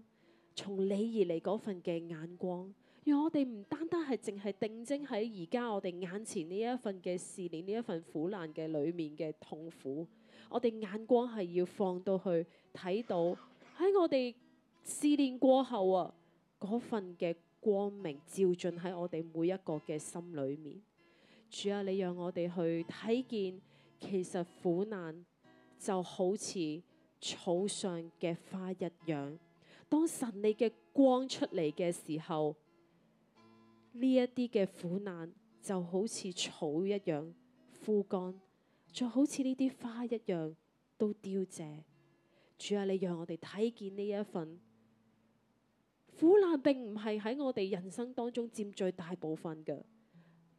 從你而嚟嗰份嘅眼光。讓我哋唔單單係淨係定睛喺而家我哋眼前呢一份嘅試煉，呢一份苦難嘅裏面嘅痛苦，我哋眼光係要放到去睇到喺我哋試煉過後啊，嗰份嘅光明照進喺我哋每一個嘅心裏面。主啊，你讓我哋去睇見，其實苦難就好似草上嘅花一樣。當神你嘅光出嚟嘅時候，呢一啲嘅苦難就好似草一樣枯乾，就好似呢啲花一樣都凋謝。主啊，你讓我哋睇見呢一份苦難，並唔係喺我哋人生當中佔最大部分嘅。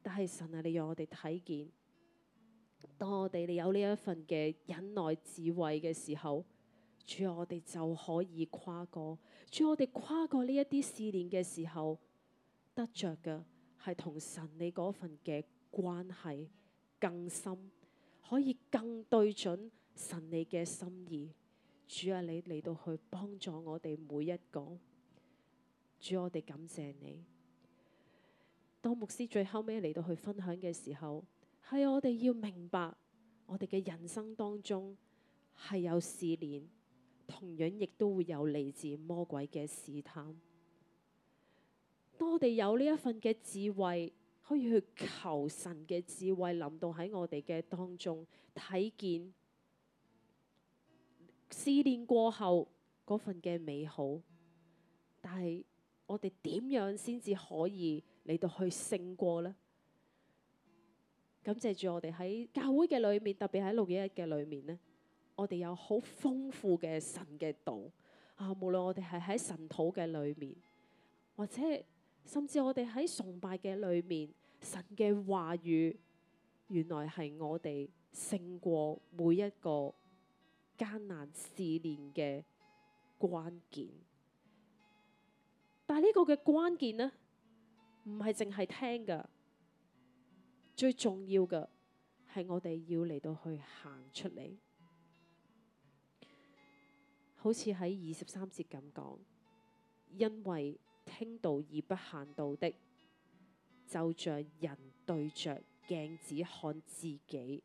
但係神啊，你讓我哋睇見，當我哋有呢一份嘅忍耐智慧嘅時候，主啊，我哋就可以跨過。主啊，我哋跨過呢一啲試煉嘅時候，得着嘅係同神你嗰份嘅關係更深，可以更對準神你嘅心意。主啊你，你嚟到去幫助我哋每一個。主，我哋感謝你。當牧師最後尾嚟到去分享嘅時候，係我哋要明白，我哋嘅人生當中係有試煉，同樣亦都會有嚟自魔鬼嘅試探。當我哋有呢一份嘅智慧，可以去求神嘅智慧，臨到喺我哋嘅當中睇見試煉過後嗰份嘅美好。但係我哋點樣先至可以嚟到去勝過呢？感謝住我哋喺教會嘅裏面，特別喺六一一嘅裏面呢，我哋有好豐富嘅神嘅道啊！無論我哋係喺神土嘅裏面，或者甚至我哋喺崇拜嘅裏面，神嘅話語原來係我哋勝過每一個艱難試煉嘅關鍵。但係呢個嘅關鍵呢，唔係淨係聽噶，最重要嘅係我哋要嚟到去行出嚟。好似喺二十三節咁講，因為。聽道而不行道的，就像人對着鏡子看自己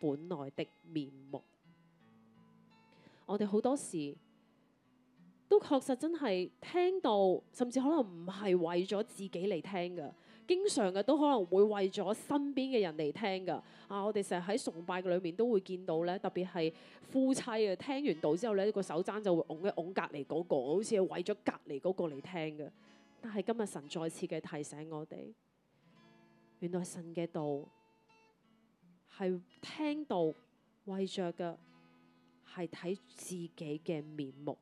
本來的面目。我哋好多時都確實真係聽到，甚至可能唔係為咗自己嚟聽㗎。經常嘅都可能會為咗身邊嘅人嚟聽噶，啊！我哋成日喺崇拜裏面都會見到咧，特別係夫妻啊，聽完道之後咧，個手踭就會拱一拱隔離嗰個，好似係為咗隔離嗰個嚟聽嘅。但係今日神再次嘅提醒我哋，原來神嘅道係聽到為着嘅係睇自己嘅面目，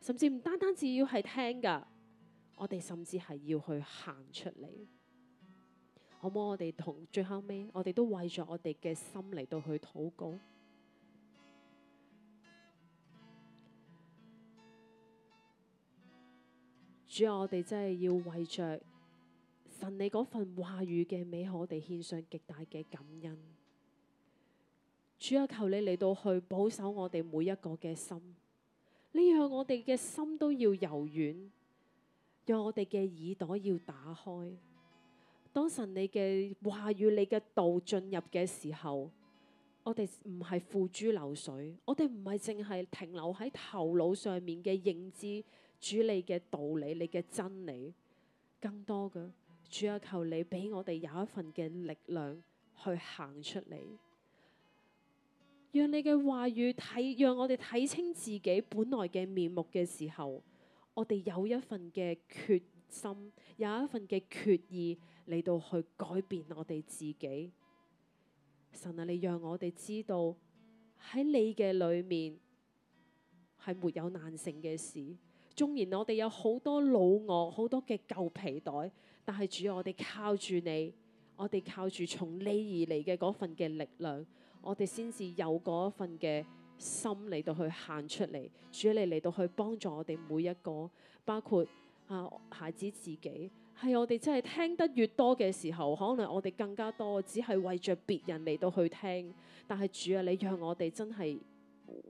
甚至唔單單只要係聽噶。我哋甚至係要去行出嚟，好唔好？我哋同最後尾，我哋都為咗我哋嘅心嚟到去禱告。 主要我哋真係要為着神你嗰份話語嘅美好，我哋獻上極大嘅感恩。主要求你嚟到去保守我哋每一個嘅心，呢樣我哋嘅心都要柔軟。讓我哋嘅耳朵要打開，當神你嘅話語、你嘅道進入嘅時候，我哋唔係付諸流水，我哋唔係淨係停留喺頭腦上面嘅認知，主你嘅道理、你嘅真理，更多嘅主要求你俾我哋有一份嘅力量去行出嚟，讓你嘅話語睇，讓我哋睇清自己本來嘅面目嘅時候。我哋有一份嘅決心，有一份嘅決意嚟到去改變我哋自己。神啊，你讓我哋知道喺你嘅裏面係沒有難成嘅事。縱然我哋有好多老我，好多嘅舊皮袋，但係主，要我哋靠住你，我哋靠住從你而嚟嘅嗰份嘅力量，我哋先至有嗰一份嘅。心嚟到去行出嚟，主啊，你嚟到去幫助我哋每一個，包括啊孩子自己，係我哋真係聽得越多嘅時候，可能我哋更加多只係為着別人嚟到去聽，但係主啊，你讓我哋真係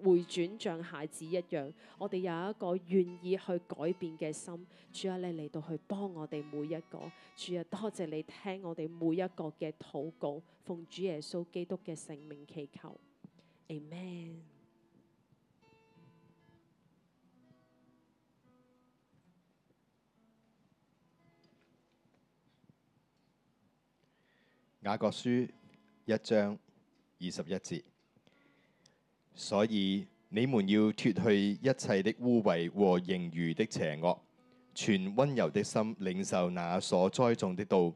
回轉像孩子一樣，我哋有一個願意去改變嘅心，主啊，你嚟到去幫我哋每一個，主啊，多謝你聽我哋每一個嘅禱告，奉主耶穌基督嘅聖名祈求，amen。雅各書一章二十一節，所以你們要脫去一切的污穢和盈餘的邪惡，存溫柔的心領受那所栽種的道，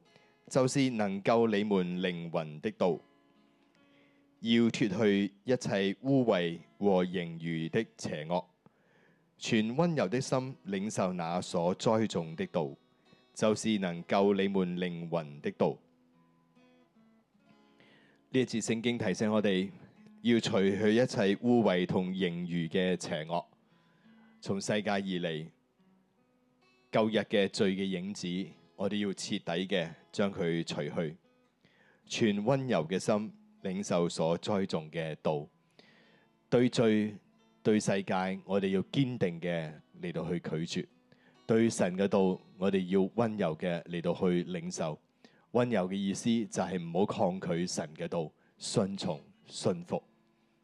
就是能救你們靈魂的道。要脫去一切污穢和盈餘的邪惡，存溫柔的心領受那所栽種的道，就是能救你們靈魂的道。呢一次聖經提醒我哋要除去一切污穢同盈餘嘅邪惡，從世界而嚟，舊日嘅罪嘅影子，我哋要徹底嘅將佢除去。全溫柔嘅心領受所栽種嘅道，對罪對世界我哋要堅定嘅嚟到去拒絕，對神嘅道我哋要溫柔嘅嚟到去領受。溫柔嘅意思就係唔好抗拒神嘅道，順從、信服。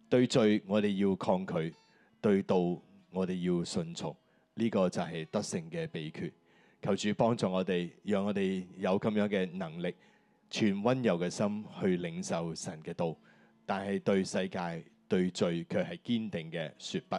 對罪我哋要抗拒，對道我哋要順從。呢、這個就係得勝嘅秘訣。求主幫助我哋，讓我哋有咁樣嘅能力，全溫柔嘅心去領受神嘅道，但係對世界、對罪卻係堅定嘅說不。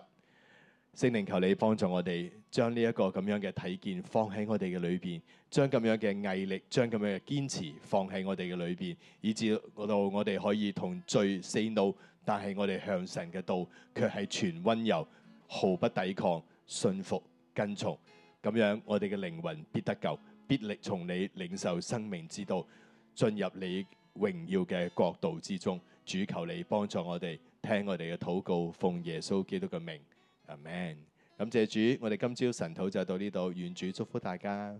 聖靈求你幫助我哋。將呢一個咁樣嘅睇見放喺我哋嘅裏邊，將咁樣嘅毅力，將咁樣嘅堅持放喺我哋嘅裏邊，以至到我哋可以同罪 say no，但係我哋向神嘅道卻係全温柔，毫不抵抗，信服跟從。咁樣我哋嘅靈魂必得救，必力從你領受生命之道，進入你榮耀嘅國度之中。主求你幫助我哋，聽我哋嘅禱告，奉耶穌基督嘅名，阿門。感謝主，我哋今朝晨禱就到呢度，願主祝福大家。